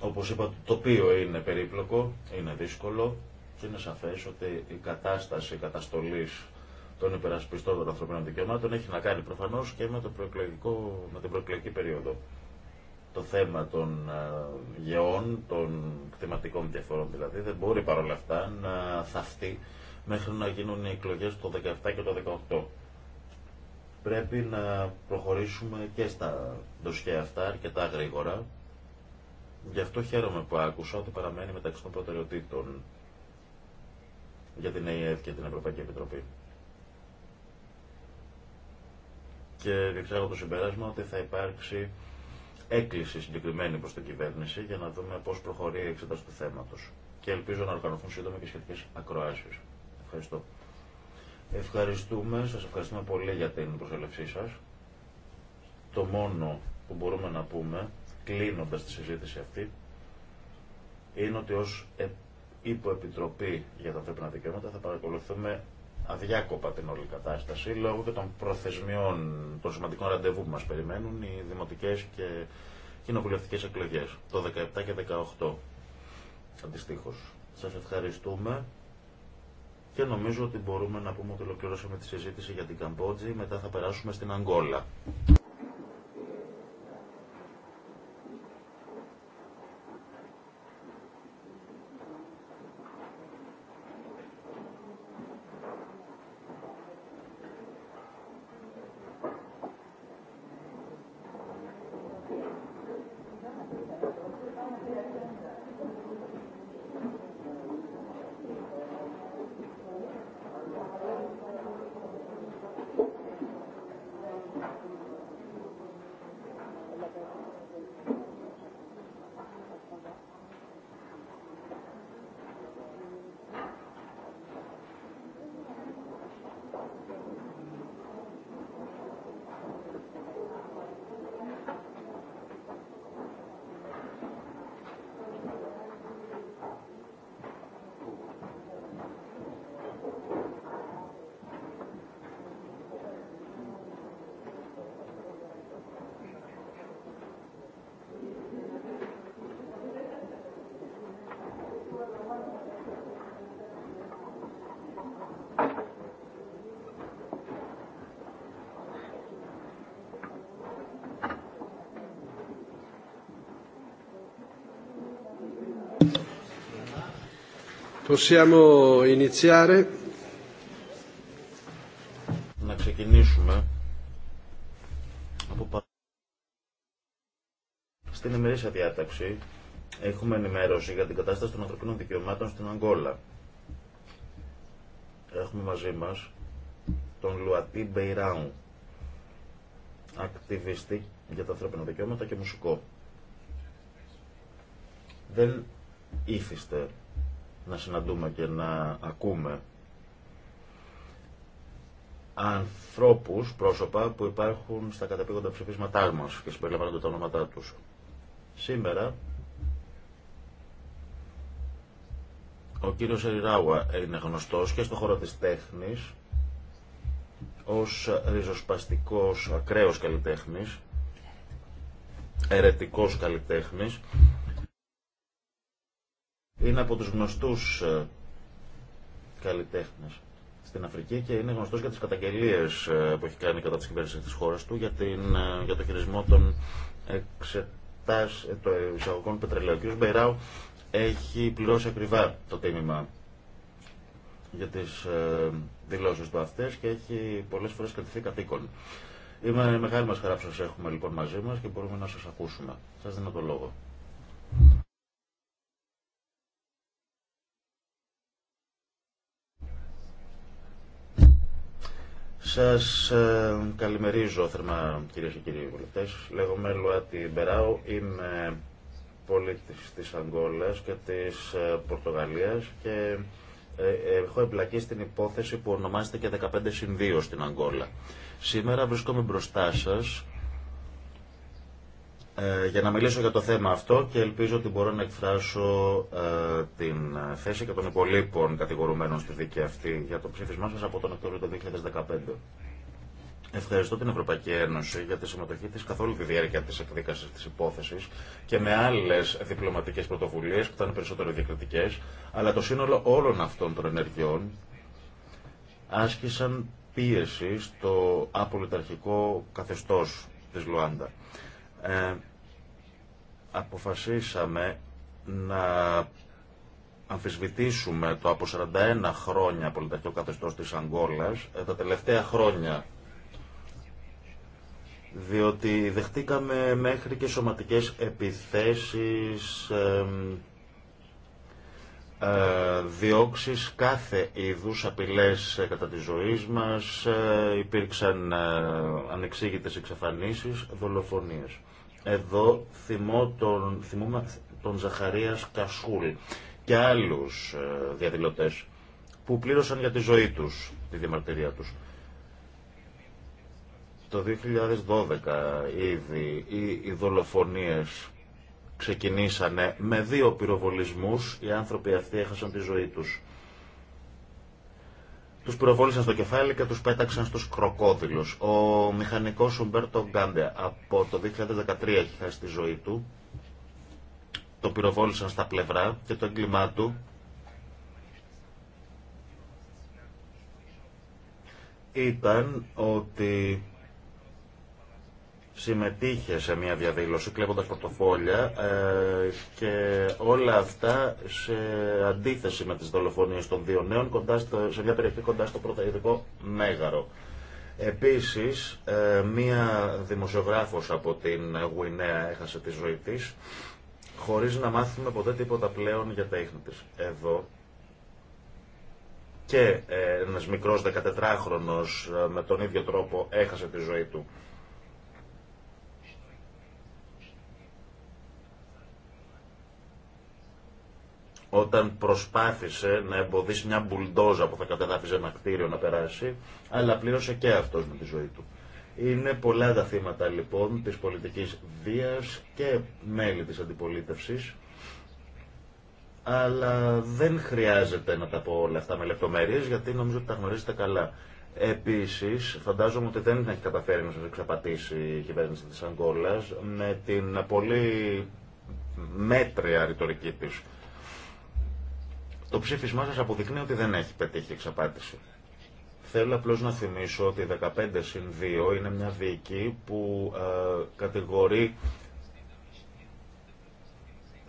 Όπως είπα, το τοπίο είναι περίπλοκο, είναι δύσκολο και είναι σαφές ότι η κατάσταση καταστολής των υπερασπιστών των ανθρωπίνων δικαιωμάτων έχει να κάνει προφανώς και με, το με την προεκλογική περίοδο. Το θέμα των ε, γεών, των κτηματικών διαφορών δηλαδή, δεν μπορεί παρόλα αυτά να θαυτεί μέχρι να γίνουν οι εκλογές το 17 και το 18. Πρέπει να προχωρήσουμε και στα ντοσχέα αυτά αρκετά γρήγορα. Γι' αυτό χαίρομαι που άκουσα ότι παραμένει μεταξύ των προτεραιοτήτων για την ΕΕ και την Ευρωπαϊκή Επιτροπή. Και διεξάγω το συμπέρασμα ότι θα υπάρξει έκκληση συγκεκριμένη προς την κυβέρνηση για να δούμε πώς προχωρεί η εξέταση του θέματος. Και ελπίζω να οργανωθούν σύντομα και σχετικές ακροάσεις. Ευχαριστώ. Ευχαριστούμε, σας ευχαριστούμε πολύ για την προσέλευσή σας. Το μόνο που μπορούμε να πούμε, κλείνοντας τη συζήτηση αυτή, είναι ότι ως ε, υποεπιτροπή για τα ανθρώπινα δικαιώματα θα παρακολουθούμε αδιάκοπα την όλη κατάσταση λόγω και των προθεσμιών των σημαντικών ραντεβού που μας περιμένουν οι δημοτικές και κοινοβουλευτικές εκλογές το 17 και 18 αντιστοίχως. Σας ευχαριστούμε. Και νομίζω ότι μπορούμε να πούμε ότι ολοκληρώσαμε τη συζήτηση για την Καμπότζη. Μετά θα περάσουμε στην Αγγόλα. Να ξεκινήσουμε Στην ημερήσια διάταξη έχουμε ενημέρωση για την κατάσταση των ανθρωπίνων δικαιωμάτων στην Αγγόλα. Έχουμε μαζί μας τον Λουατή Μπεϊράου, ακτιβιστή για τα ανθρώπινα δικαιώματα και μουσικό. Δεν ήθιστε να συναντούμε και να ακούμε ανθρώπους, πρόσωπα που υπάρχουν στα καταπήγοντα ψηφίσματά μας και συμπεριλαμβάνονται τα ονόματά τους. Σήμερα ο κύριος Εριράουα είναι γνωστός και στο χώρο της τέχνης ως ριζοσπαστικός ακραίος καλλιτέχνης, ερετικός καλλιτέχνης είναι από τους γνωστούς ε, καλλιτέχνες στην Αφρική και είναι γνωστός για τις καταγγελίες ε, που έχει κάνει κατά της κυβέρνηση της χώρας του για, την, ε, για το χειρισμό των εξετάσει το εισαγωγών πετρελαίου. Ο κ. Μπεράου έχει πληρώσει ακριβά το τίμημα για τις δηλώσεις του αυτές και έχει πολλές φορές κρατηθεί κατοίκον. Είμαι μεγάλη μας χαρά που σας έχουμε λοιπόν μαζί μας και μπορούμε να σας ακούσουμε. Σας δίνω το λόγο. Σας ε, καλημερίζω θερμά κυρίες και κύριοι βουλευτές. Λέγομαι Λουάτι Μπεράου, είμαι πολίτης της Αγγόλας και της ε, Πορτογαλίας και ε, έχω εμπλακεί στην υπόθεση που ονομάζεται και 15 2 στην Αγγόλα. Σήμερα βρισκόμαι μπροστά σας ε, για να μιλήσω για το θέμα αυτό και ελπίζω ότι μπορώ να εκφράσω ε, την ε, θέση και των υπολείπων κατηγορουμένων στη δίκη αυτή για το ψήφισμά σας από τον Οκτώβριο του 2015. Ευχαριστώ την Ευρωπαϊκή Ένωση για τη συμμετοχή της καθ' όλη τη διάρκεια της εκδίκασης της υπόθεσης και με άλλες διπλωματικές πρωτοβουλίες που ήταν περισσότερο διακριτικές, αλλά το σύνολο όλων αυτών των ενεργειών άσκησαν πίεση στο απολυταρχικό καθεστώς της Λουάντα. Ε, αποφασίσαμε να αμφισβητήσουμε το από 41 χρόνια πολιτικό καθεστώς της Αγγόλας, ε, τα τελευταία χρόνια διότι δεχτήκαμε μέχρι και σωματικές επιθέσεις, ε, κάθε είδους, απειλές ε, κατά της ζωής μας, υπήρξαν ανεξήγητες εξαφανίσεις, δολοφονίες. Εδώ θυμώ τον, θυμούμε τον Ζαχαρίας Κασούλ και άλλους ε, διαδηλωτές που πλήρωσαν για τη ζωή τους, τη διαμαρτυρία τους. Το 2012 ήδη οι δολοφονίες ξεκινήσανε με δύο πυροβολισμούς, οι άνθρωποι αυτοί έχασαν τη ζωή τους. Του πυροβόλησαν στο κεφάλι και του πέταξαν στους κροκόδηλου. Ο μηχανικό Ουμπέρτο Γκάντε από το 2013 έχει χάσει τη ζωή του. Το πυροβόλησαν στα πλευρά και το έγκλημά του ήταν ότι συμμετείχε σε μια διαδήλωση κλέβοντας πορτοφόλια ε, και όλα αυτά σε αντίθεση με τις δολοφονίες των δύο νέων κοντά σε μια περιοχή κοντά στο πρωταϊδικό Μέγαρο. Επίσης, ε, μία δημοσιογράφος από την Γουινέα έχασε τη ζωή της, χωρίς να μάθουμε ποτέ τίποτα πλέον για τα ίχνη της. Εδώ και ε, ένας μικρός με τον ίδιο τρόπο έχασε τη ζωή του. όταν προσπάθησε να εμποδίσει μια μπουλντόζα που θα κατεδάφιζε ένα κτίριο να περάσει, αλλά πλήρωσε και αυτός με τη ζωή του. Είναι πολλά τα θύματα λοιπόν της πολιτικής βίας και μέλη της αντιπολίτευσης, αλλά δεν χρειάζεται να τα πω όλα αυτά με λεπτομέρειες, γιατί νομίζω ότι τα γνωρίζετε καλά. Επίση, φαντάζομαι ότι δεν έχει καταφέρει να σα εξαπατήσει η κυβέρνηση τη Αγγόλας με την πολύ μέτρια ρητορική της το ψήφισμά σας αποδεικνύει ότι δεν έχει πετύχει εξαπάτηση. Θέλω απλώς να θυμίσω ότι 15 2 είναι μια δίκη που ε, κατηγορεί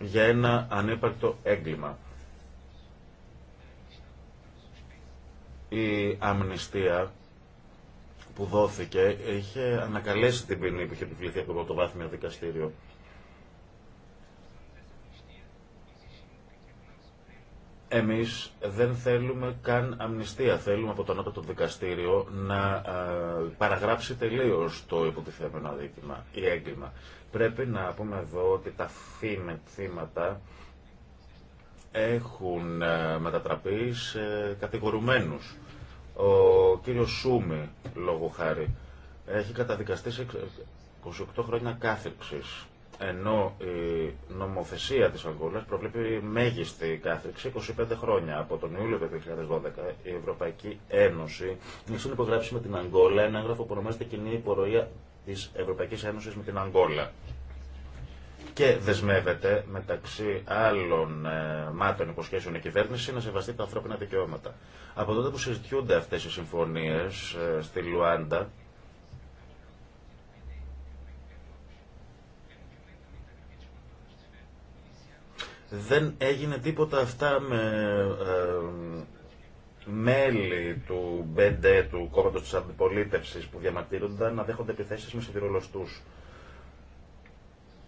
για ένα ανύπαρκτο έγκλημα. Η αμνηστία που δόθηκε είχε ανακαλέσει την ποινή που είχε επιβληθεί από το πρωτοβάθμιο δικαστήριο. Εμείς δεν θέλουμε καν αμνηστία. Θέλουμε από το Ανώτατο Δικαστήριο να ε, παραγράψει τελείως το υποτιθέμενο αδίκημα ή έγκλημα. Πρέπει να πούμε εδώ ότι τα θύματα έχουν ε, μετατραπεί σε κατηγορουμένους. Ο κύριος Σούμη, λόγω χάρη, έχει καταδικαστεί σε 28 χρόνια κάθεξης ενώ η νομοθεσία της Αγγόλας προβλέπει μέγιστη κάθριξη 25 χρόνια. Από τον Ιούλιο του 2012 η Ευρωπαϊκή Ένωση έχει υπογράψει με την Αγγόλα ένα έγγραφο που ονομάζεται Κοινή Υπορροία της Ευρωπαϊκής Ένωσης με την Αγγόλα και δεσμεύεται μεταξύ άλλων ε, μάτων υποσχέσεων η κυβέρνηση να σεβαστεί τα ανθρώπινα δικαιώματα. Από τότε που συζητιούνται αυτές οι συμφωνίες ε, στη Λουάντα, δεν έγινε τίποτα αυτά με ε, μέλη του ΜΠΕΝΤΕ, του κόμματος της αντιπολίτευσης που διαμαρτύρονταν, να δέχονται επιθέσεις με σιδηρολοστούς.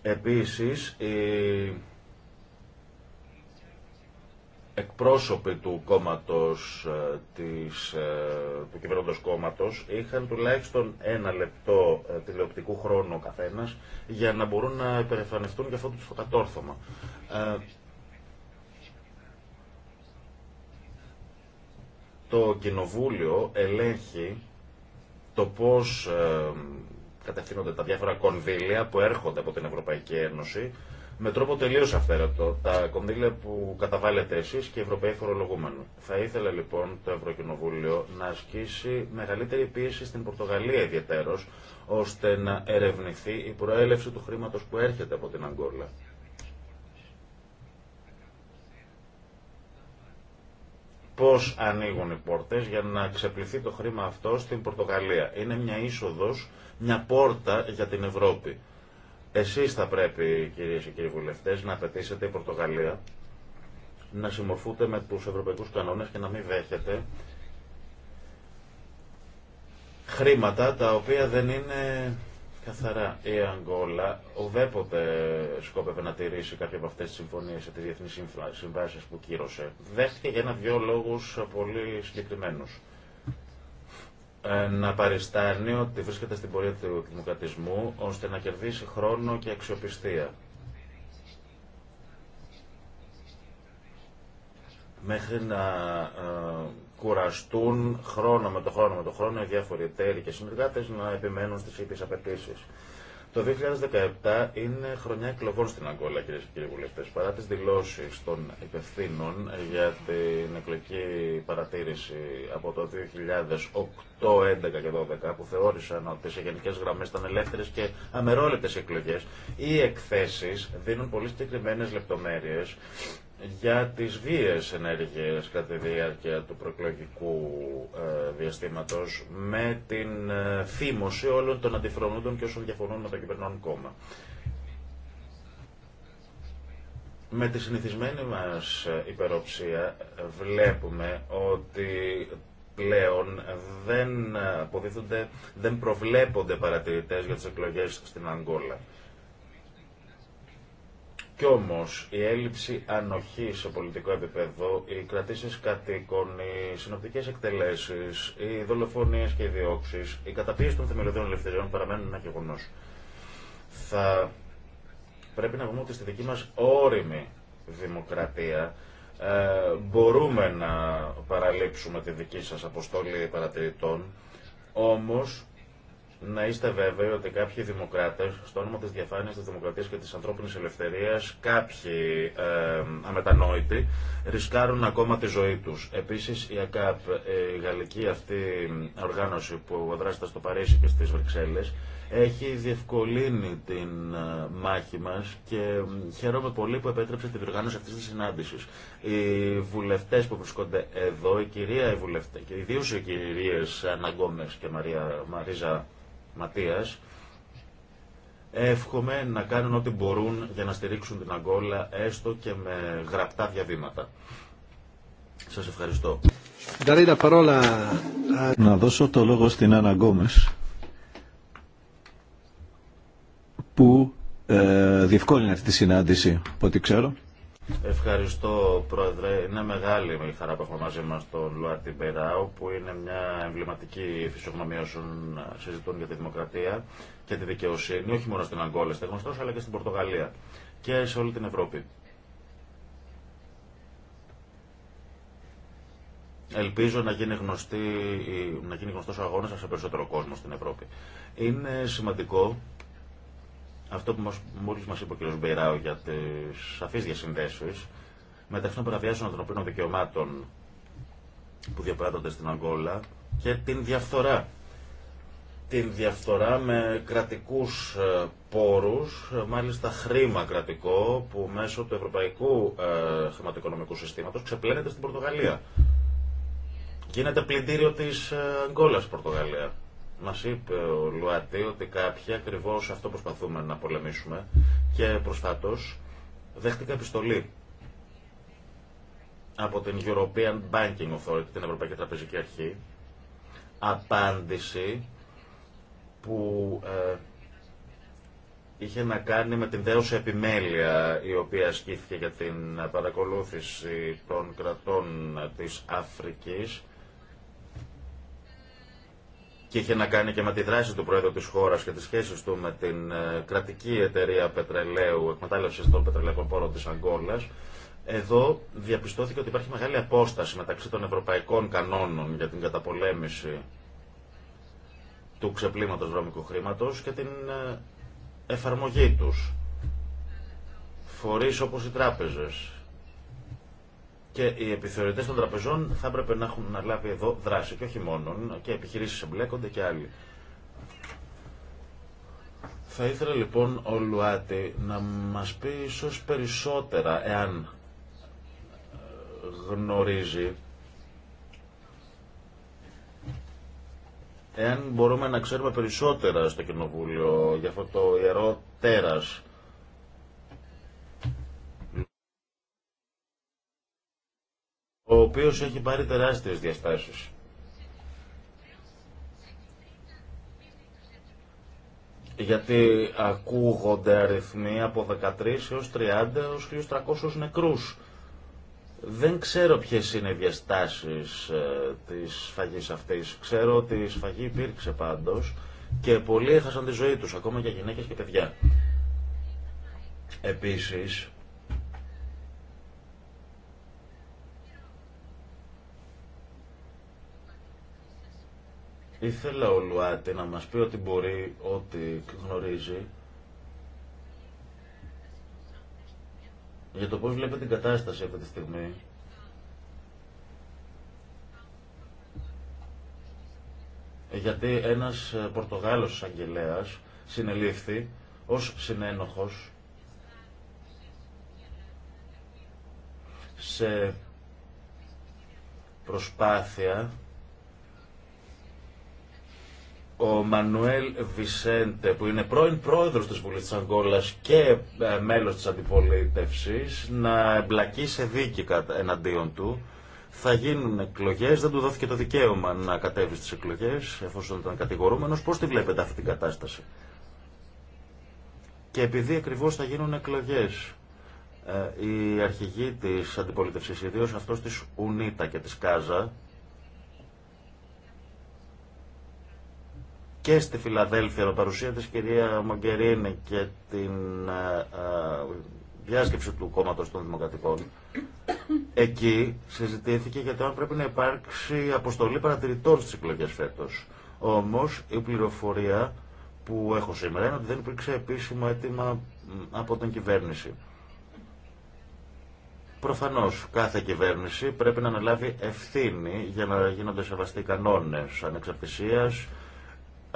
Επίσης, η εκπρόσωποι του κόμματος ε, της, ε, του κυβερνώντος κόμματος είχαν τουλάχιστον ένα λεπτό ε, τηλεοπτικού χρόνου ο καθένας για να μπορούν να υπερεφανευτούν για αυτό το φωτατόρθωμα. Το κοινοβούλιο ελέγχει το πώς κατευθύνονται τα διάφορα κονδύλια που έρχονται από την Ευρωπαϊκή Ένωση με τρόπο τελείως αυθαίρετο τα κονδύλια που καταβάλλετε εσείς και οι Ευρωπαίοι φορολογούμενοι. Θα ήθελα λοιπόν το Ευρωκοινοβούλιο να ασκήσει μεγαλύτερη πίεση στην Πορτογαλία ιδιαίτερος, ώστε να ερευνηθεί η προέλευση του χρήματος που έρχεται από την Αγκόλα. Πώς ανοίγουν οι πόρτες για να ξεπληθεί το χρήμα αυτό στην Πορτογαλία. Είναι μια είσοδος, μια πόρτα για την Ευρώπη. Εσείς θα πρέπει, κυρίες και κύριοι βουλευτές, να απαιτήσετε η Πορτογαλία να συμμορφούνται με τους ευρωπαϊκούς κανόνες και να μην δέχετε χρήματα τα οποία δεν είναι καθαρά. Η Αγγόλα ουδέποτε σκόπευε να τηρήσει κάποια από αυτέ τι συμφωνίε σε τι διεθνεί συμβάσει που κύρωσε. Δέχτηκε για ένα-δυο λόγου πολύ συγκεκριμένου. Ε, να παριστάνει ότι βρίσκεται στην πορεία του δημοκρατισμού ώστε να κερδίσει χρόνο και αξιοπιστία. Μέχρι να ε, κουραστούν χρόνο με το χρόνο με το χρόνο οι διάφοροι εταίροι και συνεργάτε να επιμένουν στι ίδιε απαιτήσει. Το 2017 είναι χρονιά εκλογών στην Αγκόλα, κυρίε και κύριοι βουλευτέ. Παρά τι δηλώσει των υπευθύνων για την εκλογική παρατήρηση από το 2008, 2011 και 2012, που θεώρησαν ότι σε γενικέ γραμμέ ήταν ελεύθερε και αμερόληπτε εκλογέ, οι εκθέσει δίνουν πολύ συγκεκριμένε λεπτομέρειε για τις βίες ενέργειες κατά τη διάρκεια του προεκλογικού ε, διαστήματος με την θύμωση ε, όλων των αντιφρονούντων και όσων διαφωνούν με το κυβερνών κόμμα. Με τη συνηθισμένη μας ε, υπεροψία βλέπουμε ότι πλέον δεν, δεν προβλέπονται παρατηρητές για τις εκλογές στην Αγγόλα. Κι όμω, η έλλειψη ανοχή σε πολιτικό επίπεδο, οι κρατήσεις κατοίκων, οι συνοπτικέ εκτελέσεις, οι δολοφονίε και οι διώξει, η καταπίεση των θεμελιωδών ελευθεριών παραμένουν ένα γεγονό. Θα πρέπει να πούμε ότι στη δική μας όρημη δημοκρατία ε, μπορούμε να παραλείψουμε τη δική σα αποστόλη παρατηρητών, Όμω, να είστε βέβαιοι ότι κάποιοι δημοκράτε, στο όνομα τη διαφάνεια, τη δημοκρατία και τη ανθρώπινη ελευθερία, κάποιοι ε, αμετανόητοι, ρισκάρουν ακόμα τη ζωή του. Επίση, η ΑΚΑΠ, ε, η γαλλική αυτή οργάνωση που δράστηκε στο Παρίσι και στι Βρυξέλλε, έχει διευκολύνει την ε, μάχη μα και χαίρομαι πολύ που επέτρεψε την οργάνωση αυτή τη συνάντηση. Οι βουλευτέ που βρισκόνται εδώ, η κυρία η και ιδίω οι κυρίε Αναγκόμε και Μαρίζα Ματίας. Εύχομαι να κάνουν ό,τι μπορούν για να στηρίξουν την Αγκόλα, έστω και με γραπτά διαβήματα. Σας ευχαριστώ. Να δώσω το λόγο στην Άννα Γκόμες, που ε, διευκόλυνε αυτή τη συνάντηση, από ό,τι ξέρω. Ευχαριστώ, Πρόεδρε. Είναι μεγάλη η χαρά που έχουμε μαζί μα τον Λουάρτι Μπεράου, που είναι μια εμβληματική φυσιογνωμία όσων συζητούν για τη δημοκρατία και τη δικαιοσύνη, όχι μόνο στην Αγγόλα, στην γνωστό, αλλά και στην Πορτογαλία και σε όλη την Ευρώπη. Ελπίζω να γίνει, γνωστή, να γίνει γνωστός ο αγώνας σε περισσότερο κόσμο στην Ευρώπη. Είναι σημαντικό αυτό που μας, μόλις μας είπε ο κ. Μπεϊράου για τις σαφείς διασυνδέσεις μεταξύ των παραβιάσεων των δικαιωμάτων που διαπράττονται στην Αγγόλα και την διαφθορά. Την διαφθορά με κρατικούς ε, πόρους, ε, μάλιστα χρήμα κρατικό που μέσω του ευρωπαϊκού ε, χρηματοοικονομικού συστήματος ξεπλένεται στην Πορτογαλία. Γίνεται πλυντήριο της ε, Αγγόλας Πορτογαλία. Μα είπε ο Λουατή ότι κάποιοι ακριβώ αυτό προσπαθούμε να πολεμήσουμε και προσφάτω δέχτηκα επιστολή από την European Banking Authority, την Ευρωπαϊκή Τραπεζική Αρχή, απάντηση που ε, είχε να κάνει με την δέουσα επιμέλεια η οποία ασκήθηκε για την παρακολούθηση των κρατών της Αφρικής και είχε να κάνει και με τη δράση του Πρόεδρου της χώρας και τις σχέσεις του με την ε, κρατική εταιρεία πετρελαίου, εκμετάλλευση των πετρελαίων πόρων της Αγγόλας εδώ διαπιστώθηκε ότι υπάρχει μεγάλη απόσταση μεταξύ των ευρωπαϊκών κανόνων για την καταπολέμηση του ξεπλήματος δρόμικου χρήματος και την ε, εφαρμογή τους. Φορείς όπως οι τράπεζες, και οι επιθεωρητέ των τραπεζών θα έπρεπε να έχουν να λάβει εδώ δράση και όχι μόνο. και επιχειρήσει εμπλέκονται και άλλοι. Θα ήθελα λοιπόν ο Λουάτη να μας πει ίσω περισσότερα, εάν ε, γνωρίζει, εάν μπορούμε να ξέρουμε περισσότερα στο Κοινοβούλιο για αυτό το ιερό τέρας ο οποίος έχει πάρει τεράστιες διαστάσεις. γιατί ακούγονται αριθμοί από 13 έως 30 έως 1.300 νεκρούς. Δεν ξέρω ποιες είναι οι διαστάσεις ε, της σφαγής αυτής. Ξέρω ότι η σφαγή υπήρξε πάντως και πολλοί έχασαν τη ζωή τους, ακόμα και γυναίκες και παιδιά. Επίσης, Ήθελα ο Λουάτη να μας πει ότι μπορεί, ότι γνωρίζει για το πώς βλέπει την κατάσταση αυτή τη στιγμή γιατί ένας ε, Πορτογάλος εισαγγελέας συνελήφθη ως συνένοχος σε προσπάθεια ο Μανουέλ Βισέντε, που είναι πρώην πρόεδρο τη Βουλή τη Αγγόλα και ε, μέλο τη αντιπολίτευση, να εμπλακεί σε δίκη εναντίον του. Θα γίνουν εκλογέ, δεν του δόθηκε το δικαίωμα να κατέβει στι εκλογέ, εφόσον ήταν κατηγορούμενο. Πώ τη βλέπετε αυτή την κατάσταση, Και επειδή ακριβώ θα γίνουν εκλογέ, Η ε, αρχηγοί τη αντιπολίτευση, ιδίω αυτό τη Ουνίτα και τη Κάζα, και στη Φιλαδέλφια, με παρουσία της κυρία Μογκερίνη και την ε, ε, διάσκεψη του κόμματο των Δημοκρατικών, εκεί συζητήθηκε για το αν πρέπει να υπάρξει αποστολή παρατηρητών στις εκλογέ φέτο. Όμως, η πληροφορία που έχω σήμερα είναι ότι δεν υπήρξε επίσημο αίτημα από την κυβέρνηση. Προφανώ κάθε κυβέρνηση πρέπει να αναλάβει ευθύνη για να γίνονται σεβαστοί κανόνε ανεξαρτησία,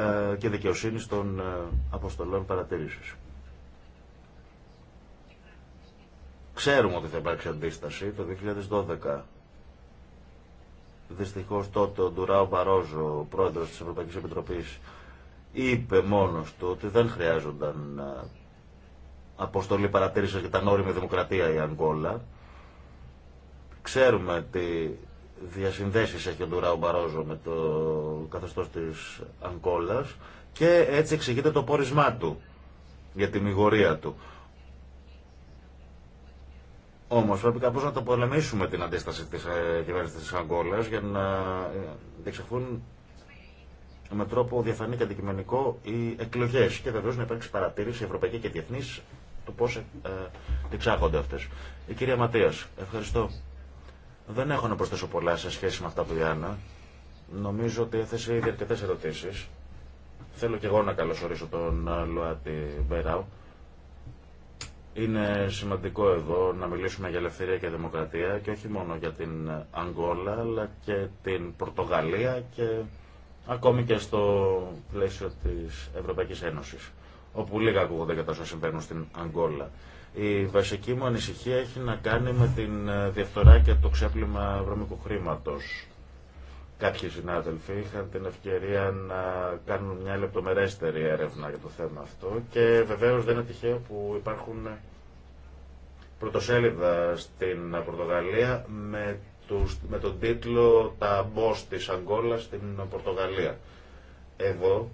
ε, και δικαιοσύνης των ε, αποστολών παρατήρησης. Ξέρουμε ότι θα υπάρξει αντίσταση το 2012. Δυστυχώς τότε ο Ντουράο Μπαρόζο, ο πρόεδρος της Ευρωπαϊκής Επιτροπής, είπε μόνος του ότι δεν χρειάζονταν ε, αποστολή παρατήρησης για τα νόριμη δημοκρατία η Αγγόλα. Ξέρουμε ότι διασυνδέσεις έχει ο Ντουράου Μπαρόζο με το καθεστώς της Αγκόλας και έτσι εξηγείται το πόρισμά του για τη μηγορία του. Όμω πρέπει κάπως να το πολεμήσουμε την αντίσταση της ε, κυβέρνησης κυβέρνηση τη για να ε, διεξαχθούν με τρόπο διαφανή και αντικειμενικό οι εκλογές Και βεβαίω να υπάρξει παρατήρηση ευρωπαϊκή και διεθνή του πώ ε, διεξάγονται αυτέ. Η κυρία Ματίας, ευχαριστώ. Δεν έχω να προσθέσω πολλά σε σχέση με αυτά που η Νομίζω ότι έθεσε ήδη αρκετέ ερωτήσει. Θέλω και εγώ να καλωσορίσω τον ε, Λουάτι Μπεράου. Είναι σημαντικό εδώ να μιλήσουμε για ελευθερία και δημοκρατία και όχι μόνο για την Αγγόλα αλλά και την Πορτογαλία και ακόμη και στο πλαίσιο της Ευρωπαϊκής Ένωσης όπου λίγα ακούγονται για τα όσα συμβαίνουν στην Αγγόλα. Η βασική μου ανησυχία έχει να κάνει με την ε, διαφθορά και το ξέπλυμα βρώμικου χρήματο. Κάποιοι συνάδελφοι είχαν την ευκαιρία να κάνουν μια λεπτομερέστερη έρευνα για το θέμα αυτό και βεβαίω δεν είναι τυχαίο που υπάρχουν πρωτοσέλιδα στην Πορτογαλία με, με τον τίτλο «Τα μπός της Αγκόλα στην Πορτογαλία». Εγώ...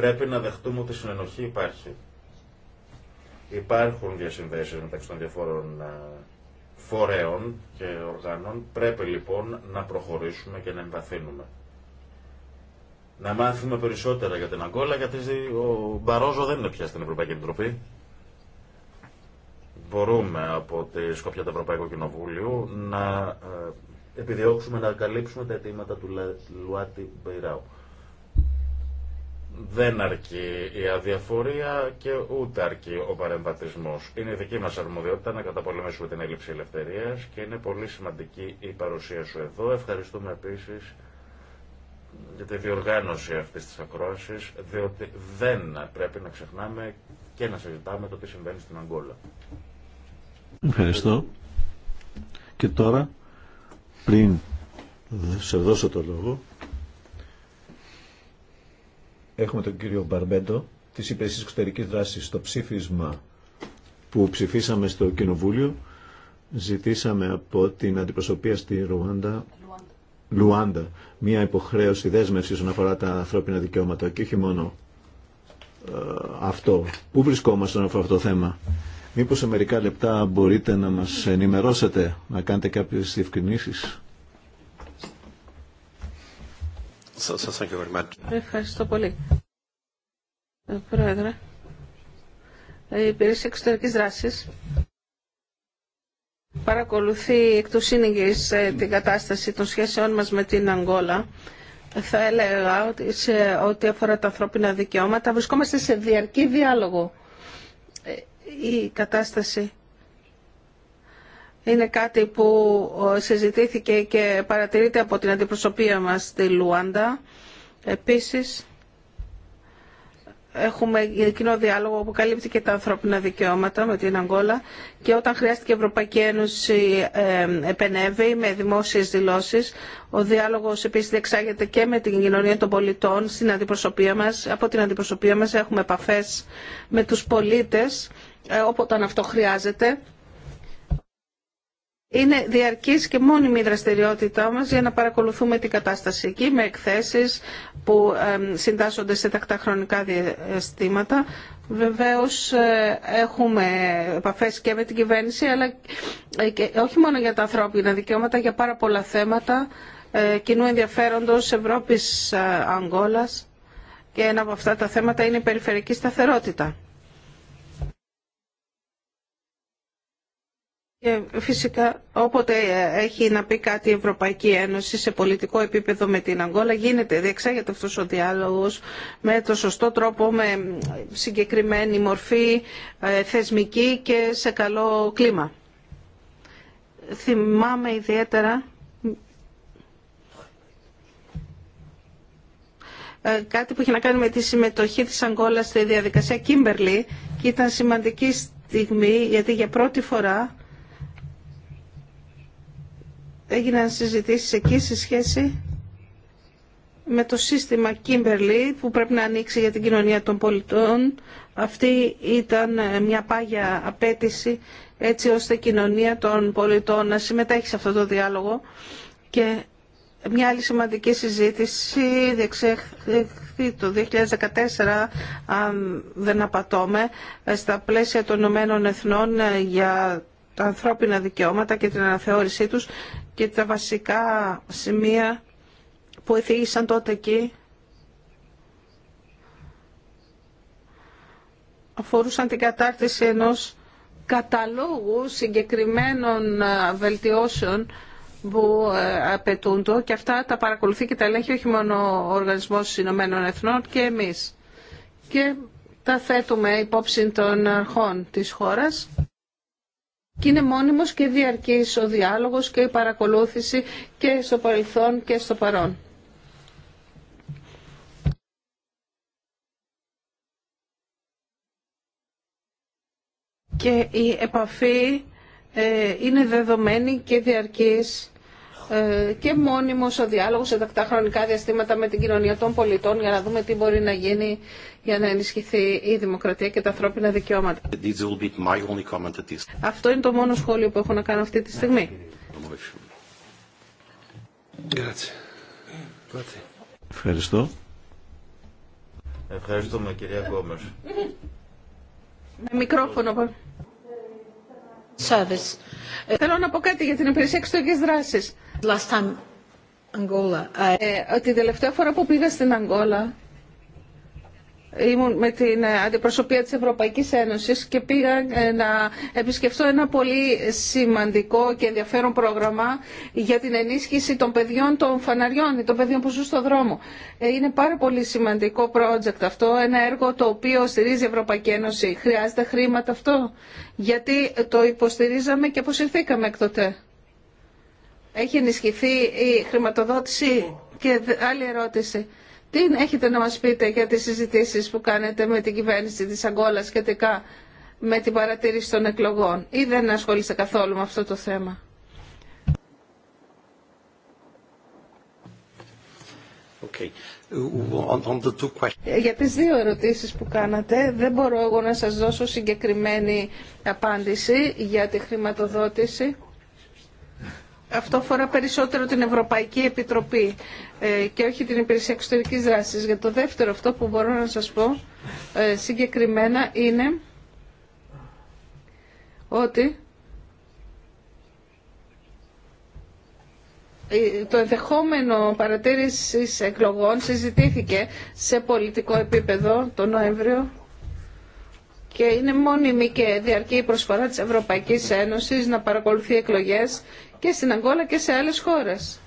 Πρέπει να δεχτούμε ότι συνενοχή υπάρχει. Υπάρχουν διασυνδέσεις μεταξύ των διαφόρων ε, φορέων και οργάνων. Πρέπει λοιπόν να προχωρήσουμε και να εμβαθύνουμε. Να μάθουμε περισσότερα για την Αγκόλα, γιατί ο Μπαρόζο δεν είναι πια στην Ευρωπαϊκή Επιτροπή. Μπορούμε από τη Σκοπιά του Ευρωπαϊκού κοινοβουλίου να ε, επιδιώξουμε να καλύψουμε τα αιτήματα του Λουάτι Μπεϊράου δεν αρκεί η αδιαφορία και ούτε αρκεί ο παρεμβατισμό. Είναι η δική μα αρμοδιότητα να καταπολεμήσουμε την έλλειψη ελευθερία και είναι πολύ σημαντική η παρουσία σου εδώ. Ευχαριστούμε επίση για τη διοργάνωση αυτή τη ακρόαση, διότι δεν πρέπει να ξεχνάμε και να συζητάμε το τι συμβαίνει στην Αγγόλα. Ευχαριστώ. Και τώρα, πριν σε δώσω το λόγο, Έχουμε τον κύριο Μπαρμπέντο της Υπηρεσίας Εξωτερικής Δράσης στο ψήφισμα που ψηφίσαμε στο Κοινοβούλιο. Ζητήσαμε από την αντιπροσωπεία στη Ρουάντα Λουάντα, μια υποχρέωση δέσμευση όσον αφορά τα ανθρώπινα δικαιώματα και όχι μόνο ε, αυτό. Πού βρισκόμαστε όσον αυτό το θέμα. Μήπως σε μερικά λεπτά μπορείτε να μας ενημερώσετε, να κάνετε κάποιες διευκρινήσεις. Ευχαριστώ πολύ. Ε, πρόεδρε, ε, η Υπηρεσία Εξωτερικής Δράσης παρακολουθεί εκ του ε, την κατάσταση των σχέσεών μας με την Αγγόλα. Θα έλεγα ότι σε ό,τι αφορά τα ανθρώπινα δικαιώματα βρισκόμαστε σε διαρκή διάλογο. Η κατάσταση είναι κάτι που συζητήθηκε και παρατηρείται από την αντιπροσωπεία μας στη Λουάντα. Επίσης, έχουμε κοινό διάλογο που καλύπτει και τα ανθρώπινα δικαιώματα με την Αγγόλα και όταν χρειάστηκε η Ευρωπαϊκή Ένωση ε, επενεύει με δημόσιες δηλώσεις. Ο διάλογος επίσης διεξάγεται και με την κοινωνία των πολιτών στην αντιπροσωπεία μας. Από την αντιπροσωπεία μας έχουμε επαφές με τους πολίτες ε, όποτε αυτό χρειάζεται είναι διαρκής και μόνιμη η δραστηριότητά μας για να παρακολουθούμε την κατάσταση εκεί με εκθέσεις που συντάσσονται σε τακτά χρονικά διαστήματα. Βεβαίως ε, έχουμε επαφέ και με την κυβέρνηση, αλλά ε, και όχι μόνο για τα ανθρώπινα δικαιώματα, για πάρα πολλά θέματα ε, κοινού ενδιαφέροντος Ευρώπης-Αγγόλας και ένα από αυτά τα θέματα είναι η περιφερική σταθερότητα. φυσικά όποτε ε, έχει να πει κάτι η Ευρωπαϊκή Ένωση σε πολιτικό επίπεδο με την Αγγόλα γίνεται, διεξάγεται αυτός ο διάλογος με το σωστό τρόπο, με συγκεκριμένη μορφή ε, θεσμική και σε καλό κλίμα. Θυμάμαι ιδιαίτερα ε, κάτι που είχε να κάνει με τη συμμετοχή της Αγγόλας στη διαδικασία Κίμπερλι και ήταν σημαντική στιγμή γιατί για πρώτη φορά έγιναν συζητήσεις εκεί σε σχέση με το σύστημα Kimberley που πρέπει να ανοίξει για την κοινωνία των πολιτών. Αυτή ήταν ε, μια πάγια απέτηση έτσι ώστε η κοινωνία των πολιτών να συμμετέχει σε αυτό το διάλογο και μια άλλη σημαντική συζήτηση διεξέχθη το 2014, αν δεν απατώμε, ε, στα πλαίσια των Ηνωμένων Εθνών ε, για τα ανθρώπινα δικαιώματα και την αναθεώρησή τους και τα βασικά σημεία που εθίγησαν τότε εκεί αφορούσαν την κατάρτιση ενός καταλόγου συγκεκριμένων ε, βελτιώσεων που ε, το και αυτά τα παρακολουθεί και τα ελέγχει όχι μόνο ο Οργανισμός Εθνών και εμείς. Και τα θέτουμε υπόψη των αρχών της χώρας. Και είναι μόνιμος και διαρκής ο διάλογος και η παρακολούθηση και στο παρελθόν και στο παρόν. Και η επαφή ε, είναι δεδομένη και διαρκής ε, και μόνιμος ο διάλογο σε τακτά χρονικά διαστήματα με την κοινωνία των πολιτών για να δούμε τι μπορεί να γίνει για να ενισχυθεί η δημοκρατία και τα ανθρώπινα δικαιώματα. Αυτό είναι το μόνο σχόλιο που έχω να κάνω αυτή τη στιγμή. Ευχαριστώ. Ευχαριστούμε κυρία Με μικρόφωνο. Θέλω να πω κάτι για την υπηρεσία εξωτερικής δράσης. Ε, την τελευταία φορά που πήγα στην Αγγόλα ήμουν με την ε, αντιπροσωπεία της Ευρωπαϊκής Ένωσης και πήγα ε, να επισκεφτώ ένα πολύ σημαντικό και ενδιαφέρον πρόγραμμα για την ενίσχυση των παιδιών των φαναριών, των παιδιών που ζουν στον δρόμο. Είναι πάρα πολύ σημαντικό project αυτό, ένα έργο το οποίο στηρίζει η Ευρωπαϊκή Ένωση. Χρειάζεται χρήματα αυτό, γιατί το υποστηρίζαμε και αποσυρθήκαμε εκ τότε. Έχει ενισχυθεί η χρηματοδότηση και άλλη ερώτηση. Τι έχετε να μας πείτε για τις συζητήσεις που κάνετε με την κυβέρνηση της Αγγόλας σχετικά με την παρατήρηση των εκλογών ή δεν ασχολείστε καθόλου με αυτό το θέμα. Okay. Ε, για τις δύο ερωτήσεις που κάνατε, δεν μπορώ εγώ να σας δώσω συγκεκριμένη απάντηση για τη χρηματοδότηση. Αυτό αφορά περισσότερο την Ευρωπαϊκή Επιτροπή ε, και όχι την Υπηρεσία εξωτερική Δράσης. Για το δεύτερο αυτό που μπορώ να σας πω ε, συγκεκριμένα είναι ότι το ενδεχόμενο παρατήρηση εκλογών συζητήθηκε σε πολιτικό επίπεδο τον Νοέμβριο και είναι μόνιμη και διαρκή η προσφορά της Ευρωπαϊκής Ένωσης να παρακολουθεί εκλογές και στην Αγγόλα και σε άλλες χώρες.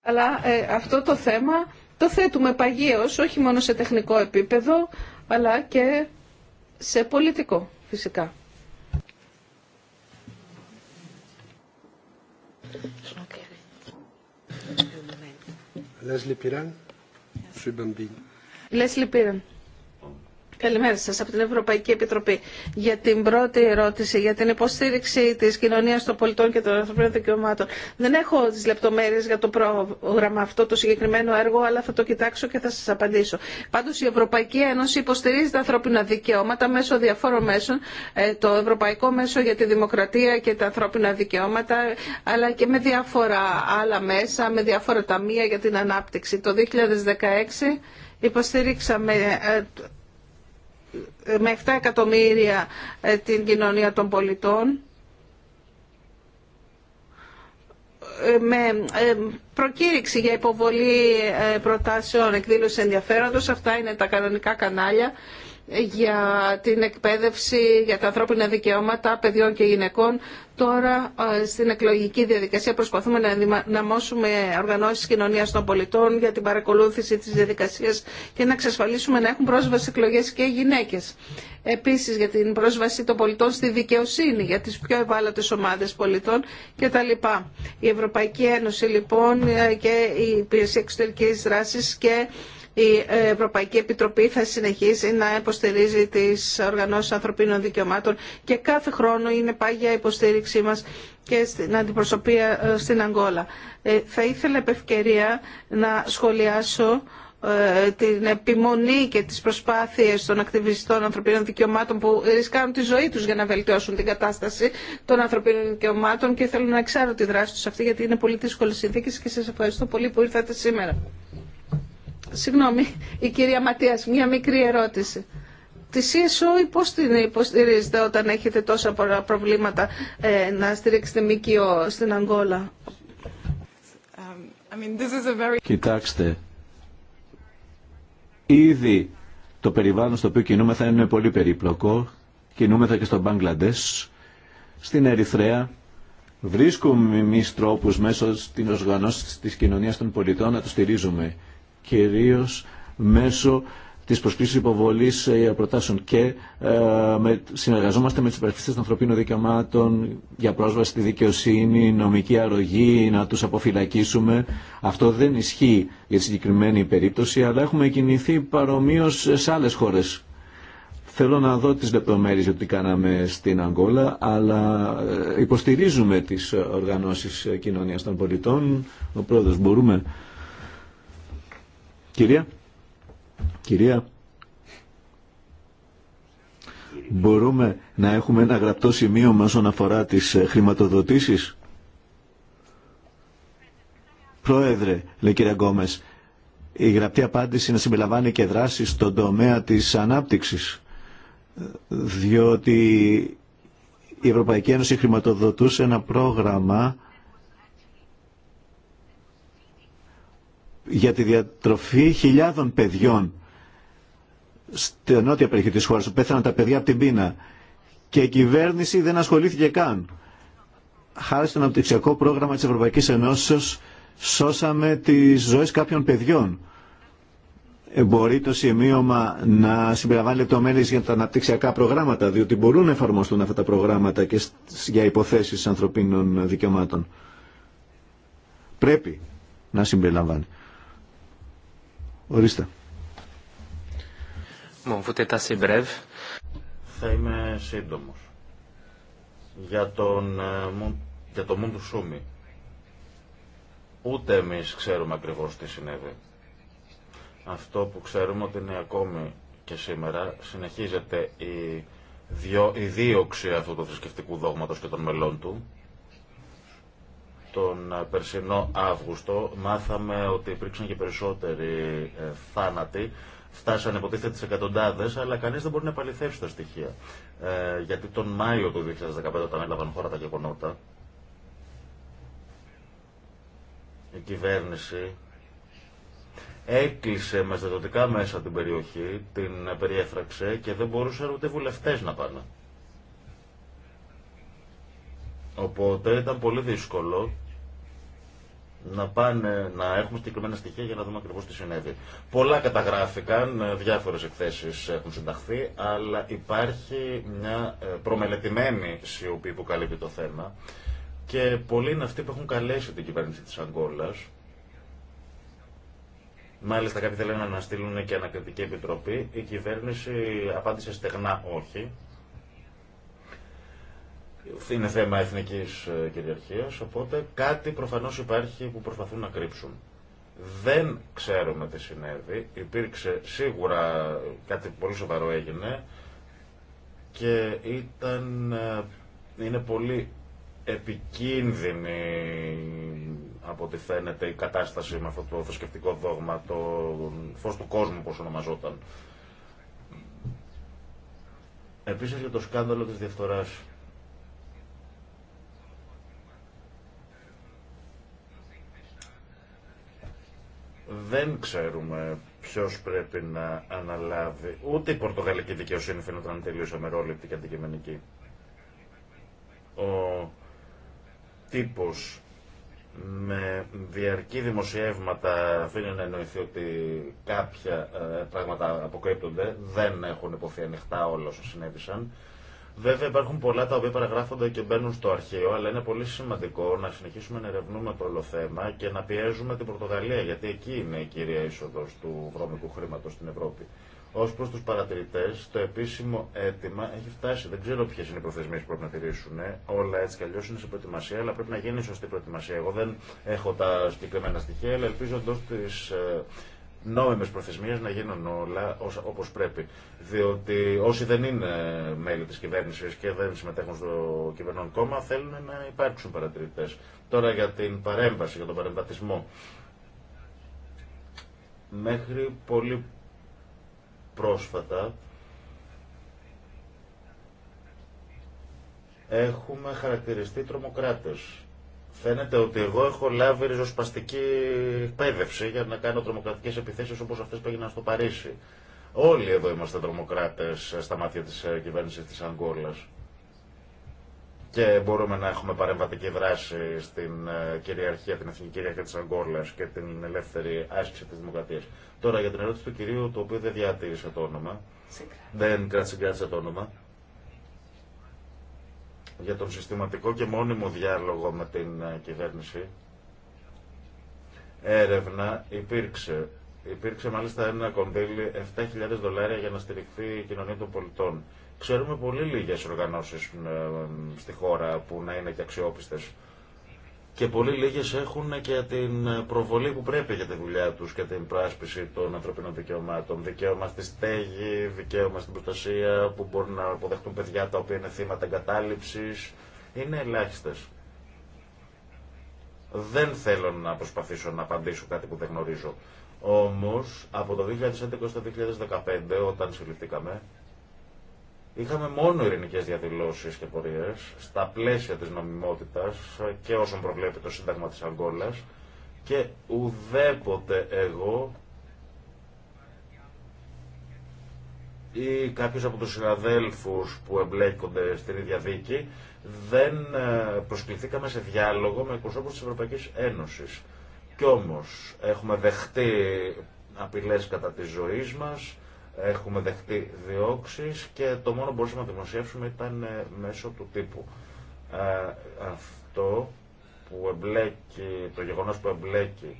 Αλλά ε, αυτό το θέμα το θέτουμε παγίως, όχι μόνο σε τεχνικό επίπεδο, αλλά και σε πολιτικό φυσικά. Λέσλι Πήραν. Καλημέρα σας από την Ευρωπαϊκή Επιτροπή. Για την πρώτη ερώτηση, για την υποστήριξη της κοινωνίας των πολιτών και των ανθρωπίνων δικαιωμάτων. Δεν έχω τις λεπτομέρειες για το πρόγραμμα αυτό, το συγκεκριμένο έργο, αλλά θα το κοιτάξω και θα σας απαντήσω. Πάντως η Ευρωπαϊκή Ένωση υποστηρίζει τα ανθρώπινα δικαιώματα μέσω διαφόρων μέσων, ε, το Ευρωπαϊκό Μέσο για τη Δημοκρατία και τα ανθρώπινα δικαιώματα, αλλά και με διάφορα άλλα μέσα, με διάφορα ταμεία για την ανάπτυξη. Το 2016 υποστηρίξαμε ε, με 7 εκατομμύρια ε, την κοινωνία των πολιτών ε, με ε, προκήρυξη για υποβολή προτάσεων εκδήλωση ενδιαφέροντος. Αυτά είναι τα κανονικά κανάλια για την εκπαίδευση, για τα ανθρώπινα δικαιώματα παιδιών και γυναικών. Τώρα ε, στην εκλογική διαδικασία προσπαθούμε να ενδυναμώσουμε οργανώσεις κοινωνίας των πολιτών για την παρακολούθηση της διαδικασίας και να εξασφαλίσουμε να έχουν πρόσβαση εκλογές και γυναίκες. Επίσης για την πρόσβαση των πολιτών στη δικαιοσύνη, για τις πιο ευάλωτες ομάδες πολιτών κτλ. Η Ευρωπαϊκή Ένωση λοιπόν ε, και η Υπηρεσία Εξωτερικής Δράσης και η Ευρωπαϊκή Επιτροπή θα συνεχίσει να υποστηρίζει τις οργανώσεις ανθρωπίνων δικαιωμάτων και κάθε χρόνο είναι πάγια υποστήριξή μας και στην αντιπροσωπεία ε, στην Αγγόλα. Ε, θα ήθελα επ' ευκαιρία να σχολιάσω ε, την επιμονή και τις προσπάθειες των ακτιβιστών ανθρωπίνων δικαιωμάτων που ρισκάνουν τη ζωή τους για να βελτιώσουν την κατάσταση των ανθρωπίνων δικαιωμάτων και θέλω να ξέρω τη δράση τους αυτή γιατί είναι πολύ δύσκολες συνθήκες και σας ευχαριστώ πολύ που ήρθατε σήμερα. Συγγνώμη, η κυρία Ματίας, μία μικρή ερώτηση. Τη ΣΥΣΟ πώς την υποστηρίζετε όταν έχετε τόσα πολλά προβλήματα ε, να στηρίξετε ΜΚΟ στην Αγγόλα. Um, I mean, this is a very... Κοιτάξτε, ήδη το περιβάλλον στο οποίο κινούμεθα είναι πολύ περίπλοκο. Κινούμεθα και στο Μπαγκλαντές, στην Ερυθρέα. Βρίσκουμε εμεί τρόπους μέσω της οργανώσεις της κοινωνίας των πολιτών να το στηρίζουμε κυρίως μέσω τη προσκλήση υποβολή ε, προτάσεων και ε, με, συνεργαζόμαστε με τι υπερασπιστέ των ανθρωπίνων δικαιωμάτων για πρόσβαση στη δικαιοσύνη, νομική αρρωγή, να του αποφυλακίσουμε. Αυτό δεν ισχύει για τη συγκεκριμένη περίπτωση, αλλά έχουμε κινηθεί παρομοίω σε άλλε χώρε. Θέλω να δω τις λεπτομέρειες ότι κάναμε στην Αγγόλα, αλλά ε, υποστηρίζουμε τις οργανώσεις ε, κοινωνίας των πολιτών. Ο πρόεδρος μπορούμε Κυρία. Κυρία. Μπορούμε να έχουμε ένα γραπτό σημείο μας όσον αφορά τις ε, χρηματοδοτήσεις. Πρόεδρε, λέει κυρία Γκόμες, η γραπτή απάντηση να συμπεριλαμβάνει και δράση στον τομέα της ανάπτυξης. Διότι η Ευρωπαϊκή Ένωση χρηματοδοτούσε ένα πρόγραμμα για τη διατροφή χιλιάδων παιδιών στην νότια περιοχή της χώρας που πέθαναν τα παιδιά από την πείνα και η κυβέρνηση δεν ασχολήθηκε καν. Χάρη στο αναπτυξιακό πρόγραμμα της Ευρωπαϊκής Ενώσεως σώσαμε τις ζωές κάποιων παιδιών. Μπορεί το σημείωμα να συμπεριλαμβάνει λεπτομέρειε για τα αναπτυξιακά προγράμματα, διότι μπορούν να εφαρμοστούν αυτά τα προγράμματα και για υποθέσεις ανθρωπίνων δικαιωμάτων. Πρέπει να συμπεριλαμβάνει. Ορίστε. Θα είμαι σύντομο Για τον ε, για το Μούντου Σούμι. Ούτε εμεί ξέρουμε ακριβώ τι συνέβη. Αυτό που ξέρουμε ότι είναι ακόμη και σήμερα συνεχίζεται η, διο, η δίωξη αυτού του θρησκευτικού δόγματος και των μελών του τον ε, περσινό Αύγουστο μάθαμε ότι υπήρξαν και περισσότεροι ε, θάνατοι. Φτάσανε υποτίθεται τι εκατοντάδε, αλλά κανεί δεν μπορεί να επαληθεύσει τα στοιχεία. Ε, γιατί τον Μάιο του 2015, όταν έλαβαν χώρα τα γεγονότα, η κυβέρνηση έκλεισε με στρατιωτικά μέσα την περιοχή, την περιέφραξε και δεν μπορούσαν ούτε βουλευτέ να πάνε. Οπότε ήταν πολύ δύσκολο να, πάνε, να έχουμε συγκεκριμένα στοιχεία για να δούμε ακριβώ τι συνέβη. Πολλά καταγράφηκαν, ε, διάφορε εκθέσει έχουν συνταχθεί, αλλά υπάρχει μια ε, προμελετημένη σιωπή που καλύπτει το θέμα και πολλοί είναι αυτοί που έχουν καλέσει την κυβέρνηση τη Αγκόλα. Μάλιστα, κάποιοι θέλουν να στείλουν και ανακριτική επιτροπή. Η κυβέρνηση απάντησε στεγνά όχι είναι θέμα εθνικής ε, κυριαρχίας, οπότε κάτι προφανώς υπάρχει που προσπαθούν να κρύψουν. Δεν ξέρουμε τι συνέβη, υπήρξε σίγουρα κάτι πολύ σοβαρό έγινε και ήταν, ε, είναι πολύ επικίνδυνη από ό,τι φαίνεται η κατάσταση με αυτό το θρησκευτικό δόγμα, το φως του κόσμου όπως ονομαζόταν. Επίσης για το σκάνδαλο της διαφθοράς δεν ξέρουμε ποιο πρέπει να αναλάβει. Ούτε η πορτογαλική δικαιοσύνη είναι τελείω αμερόληπτη και αντικειμενική. Ο τύπο με διαρκή δημοσιεύματα αφήνει να εννοηθεί ότι κάποια ε, πράγματα αποκρύπτονται, δεν έχουν υποθεί ανοιχτά όλα όσα συνέβησαν. Βέβαια υπάρχουν πολλά τα οποία παραγράφονται και μπαίνουν στο αρχείο, αλλά είναι πολύ σημαντικό να συνεχίσουμε να ερευνούμε το όλο θέμα και να πιέζουμε την Πορτογαλία, γιατί εκεί είναι η κυρία είσοδο του βρώμικου χρήματο στην Ευρώπη. Ω προ του παρατηρητέ, το επίσημο αίτημα έχει φτάσει. Δεν ξέρω ποιε είναι οι προθεσμίε που πρέπει να τηρήσουν. Ε. Όλα έτσι κι αλλιώ είναι σε προετοιμασία, αλλά πρέπει να γίνει σωστή προετοιμασία. Εγώ δεν έχω τα συγκεκριμένα στοιχεία, αλλά ελπίζω εντό τη ε, νόμιμε προθεσμίε να γίνουν όλα όπως πρέπει. Διότι όσοι δεν είναι μέλη της κυβέρνησης και δεν συμμετέχουν στο κυβερνών κόμμα θέλουν να υπάρξουν παρατηρητέ. Τώρα για την παρέμβαση, για τον παρεμβατισμό. Μέχρι πολύ πρόσφατα έχουμε χαρακτηριστεί τρομοκράτες Φαίνεται ότι εγώ έχω λάβει ριζοσπαστική εκπαίδευση για να κάνω τρομοκρατικές επιθέσεις όπως αυτές που έγιναν στο Παρίσι. Όλοι εδώ είμαστε τρομοκράτες στα μάτια της ε, κυβέρνησης της Αγγόλας. Και μπορούμε να έχουμε παρεμβατική δράση στην ε, κυριαρχία, την εθνική κυριαρχία της Αγγόλας και την ελεύθερη άσκηση της δημοκρατίας. Τώρα για την ερώτηση του κυρίου, το οποίο δεν διατήρησε το όνομα, δεν κράτησε το όνομα, για τον συστηματικό και μόνιμο διάλογο με την ε, κυβέρνηση. Έρευνα υπήρξε. Υπήρξε μάλιστα ένα κονδύλι 7.000 δολάρια για να στηριχθεί η κοινωνία των πολιτών. Ξέρουμε πολύ λίγες οργανώσεις ε, ε, στη χώρα που να είναι και αξιόπιστες και πολλοί λίγε έχουν και την προβολή που πρέπει για τη δουλειά τους και την πράσπιση των ανθρωπίνων δικαιωμάτων. Δικαίωμα στη στέγη, δικαίωμα στην προστασία που μπορούν να αποδεχτούν παιδιά τα οποία είναι θύματα εγκατάλειψη. Είναι ελάχιστε. Δεν θέλω να προσπαθήσω να απαντήσω κάτι που δεν γνωρίζω. Όμως, από το 2011 στο 2015, όταν συλληφθήκαμε, Είχαμε μόνο ειρηνικέ διαδηλώσει και πορείε στα πλαίσια τη νομιμότητα και όσων προβλέπει το Σύνταγμα τη Αγκόλα και ουδέποτε εγώ ή κάποιος από τους συναδέλφους που εμπλέκονται στην ίδια δίκη δεν ε, προσκληθήκαμε σε διάλογο με εκπροσώπους της Ευρωπαϊκής Ένωσης. Κι όμως έχουμε δεχτεί απειλές κατά της ζωής μα Έχουμε δεχτεί διώξεις και το μόνο που μπορούσαμε να δημοσιεύσουμε ήταν ε, μέσω του τύπου. Ε, αυτό που εμπλέκει, το γεγονός που εμπλέκει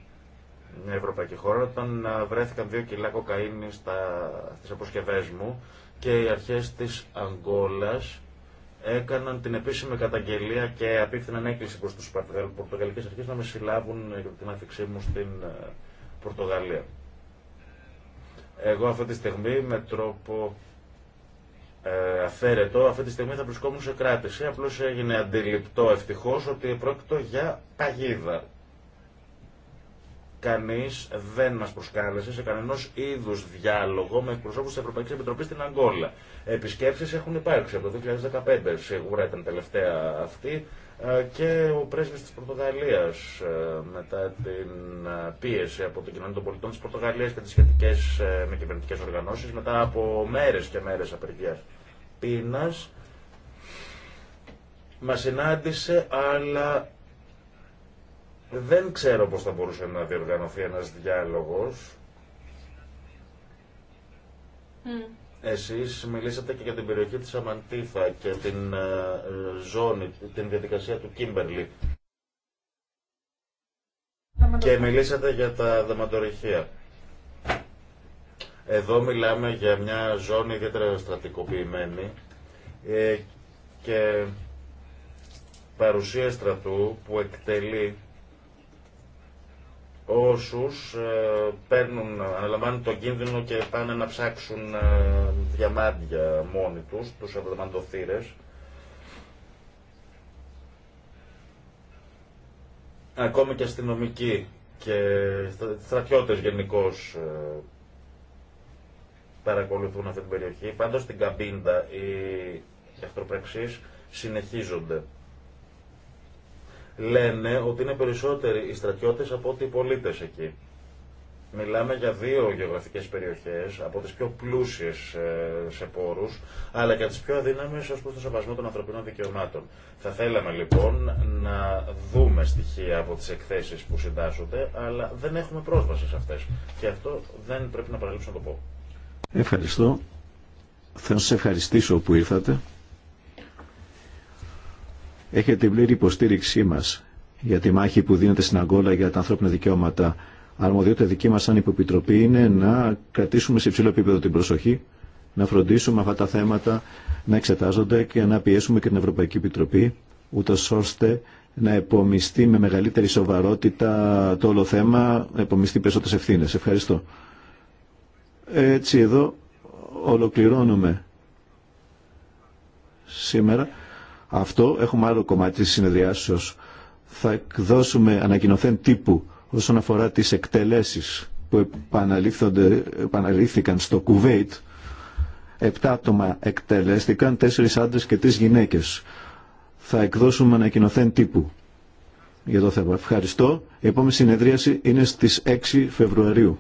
μια ευρωπαϊκή χώρα, όταν ε, βρέθηκαν δύο κιλά κοκαίνη στα, στις αποσκευές μου και οι αρχές της Αγγόλας έκαναν την επίσημη καταγγελία και απίφθηναν έκκληση προς τους πορτογαλικές αρχές να με συλλάβουν για την άφηξή μου στην Πορτογαλία. Εγώ αυτή τη στιγμή με τρόπο ε, αφαίρετο, αυτή τη στιγμή θα βρισκόμουν σε κράτηση. Απλώς έγινε αντιληπτό ευτυχώς ότι πρόκειτο για παγίδα. Κανείς δεν μας προσκάλεσε σε κανένα είδους διάλογο με εκπροσώπους της Ευρωπαϊκής Επιτροπής στην Αγγόλα. Επισκέψεις έχουν υπάρξει από το 2015, σίγουρα ήταν τελευταία αυτή, ε, και ο πρέσβης της Πορτογαλίας ε, μετά την ε, πίεση από την κοινωνία των πολιτών της Πορτογαλίας και τις σχετικές με κυβερνητικές οργανώσεις μετά από μέρες και μέρες απεργίας πείνας μα συνάντησε αλλά δεν ξέρω πώς θα μπορούσε να διοργανωθεί ένας διάλογος εσείς μιλήσατε και για την περιοχή της Αμαντίθα και την ε, ζώνη, την διαδικασία του Κίμπερλι. Και μιλήσατε για τα δαματορυχεία. Εδώ μιλάμε για μια ζώνη ιδιαίτερα στρατικοποιημένη ε, και παρουσία στρατού που εκτελεί όσους ε, παίρνουν, αναλαμβάνουν τον κίνδυνο και πάνε να ψάξουν ε, διαμάντια μόνοι τους, τους θύρες, Ακόμη και αστυνομικοί και στρατιώτες γενικώ ε, παρακολουθούν αυτή την περιοχή. Πάντως στην Καμπίντα οι εχθροπραξίες συνεχίζονται λένε ότι είναι περισσότεροι οι στρατιώτες από ότι οι πολίτες εκεί. Μιλάμε για δύο γεωγραφικές περιοχές, από τις πιο πλούσιες ε, σε πόρους, αλλά και τις πιο αδύναμες ως προς το σεβασμό των ανθρωπινών δικαιωμάτων. Θα θέλαμε λοιπόν να δούμε στοιχεία από τις εκθέσεις που συντάσσονται, αλλά δεν έχουμε πρόσβαση σε αυτές. Και αυτό δεν πρέπει να παραλείψω να το πω. Ευχαριστώ. Θα σας ευχαριστήσω που ήρθατε έχετε την πλήρη υποστήριξή μας για τη μάχη που δίνεται στην Αγγόλα για τα ανθρώπινα δικαιώματα. Αρμοδιότητα δική μα σαν υποπιτροπή είναι να κρατήσουμε σε υψηλό επίπεδο την προσοχή, να φροντίσουμε αυτά τα θέματα να εξετάζονται και να πιέσουμε και την Ευρωπαϊκή Επιτροπή, ούτω ώστε να επομιστεί με μεγαλύτερη σοβαρότητα το όλο θέμα, να επομιστεί περισσότερε ευθύνε. Ευχαριστώ. Έτσι εδώ ολοκληρώνουμε σήμερα αυτό έχουμε άλλο κομμάτι της συνεδριάσεως. Θα εκδώσουμε ανακοινωθέν τύπου όσον αφορά τις εκτελέσεις που επαναλήφθηκαν στο Κουβέιτ. Επτά άτομα εκτελέστηκαν, τέσσερις άντρες και τρεις γυναίκες. Θα εκδώσουμε ανακοινωθέν τύπου για το θέμα. Ευχαριστώ. Η επόμενη συνεδρίαση είναι στις 6 Φεβρουαρίου.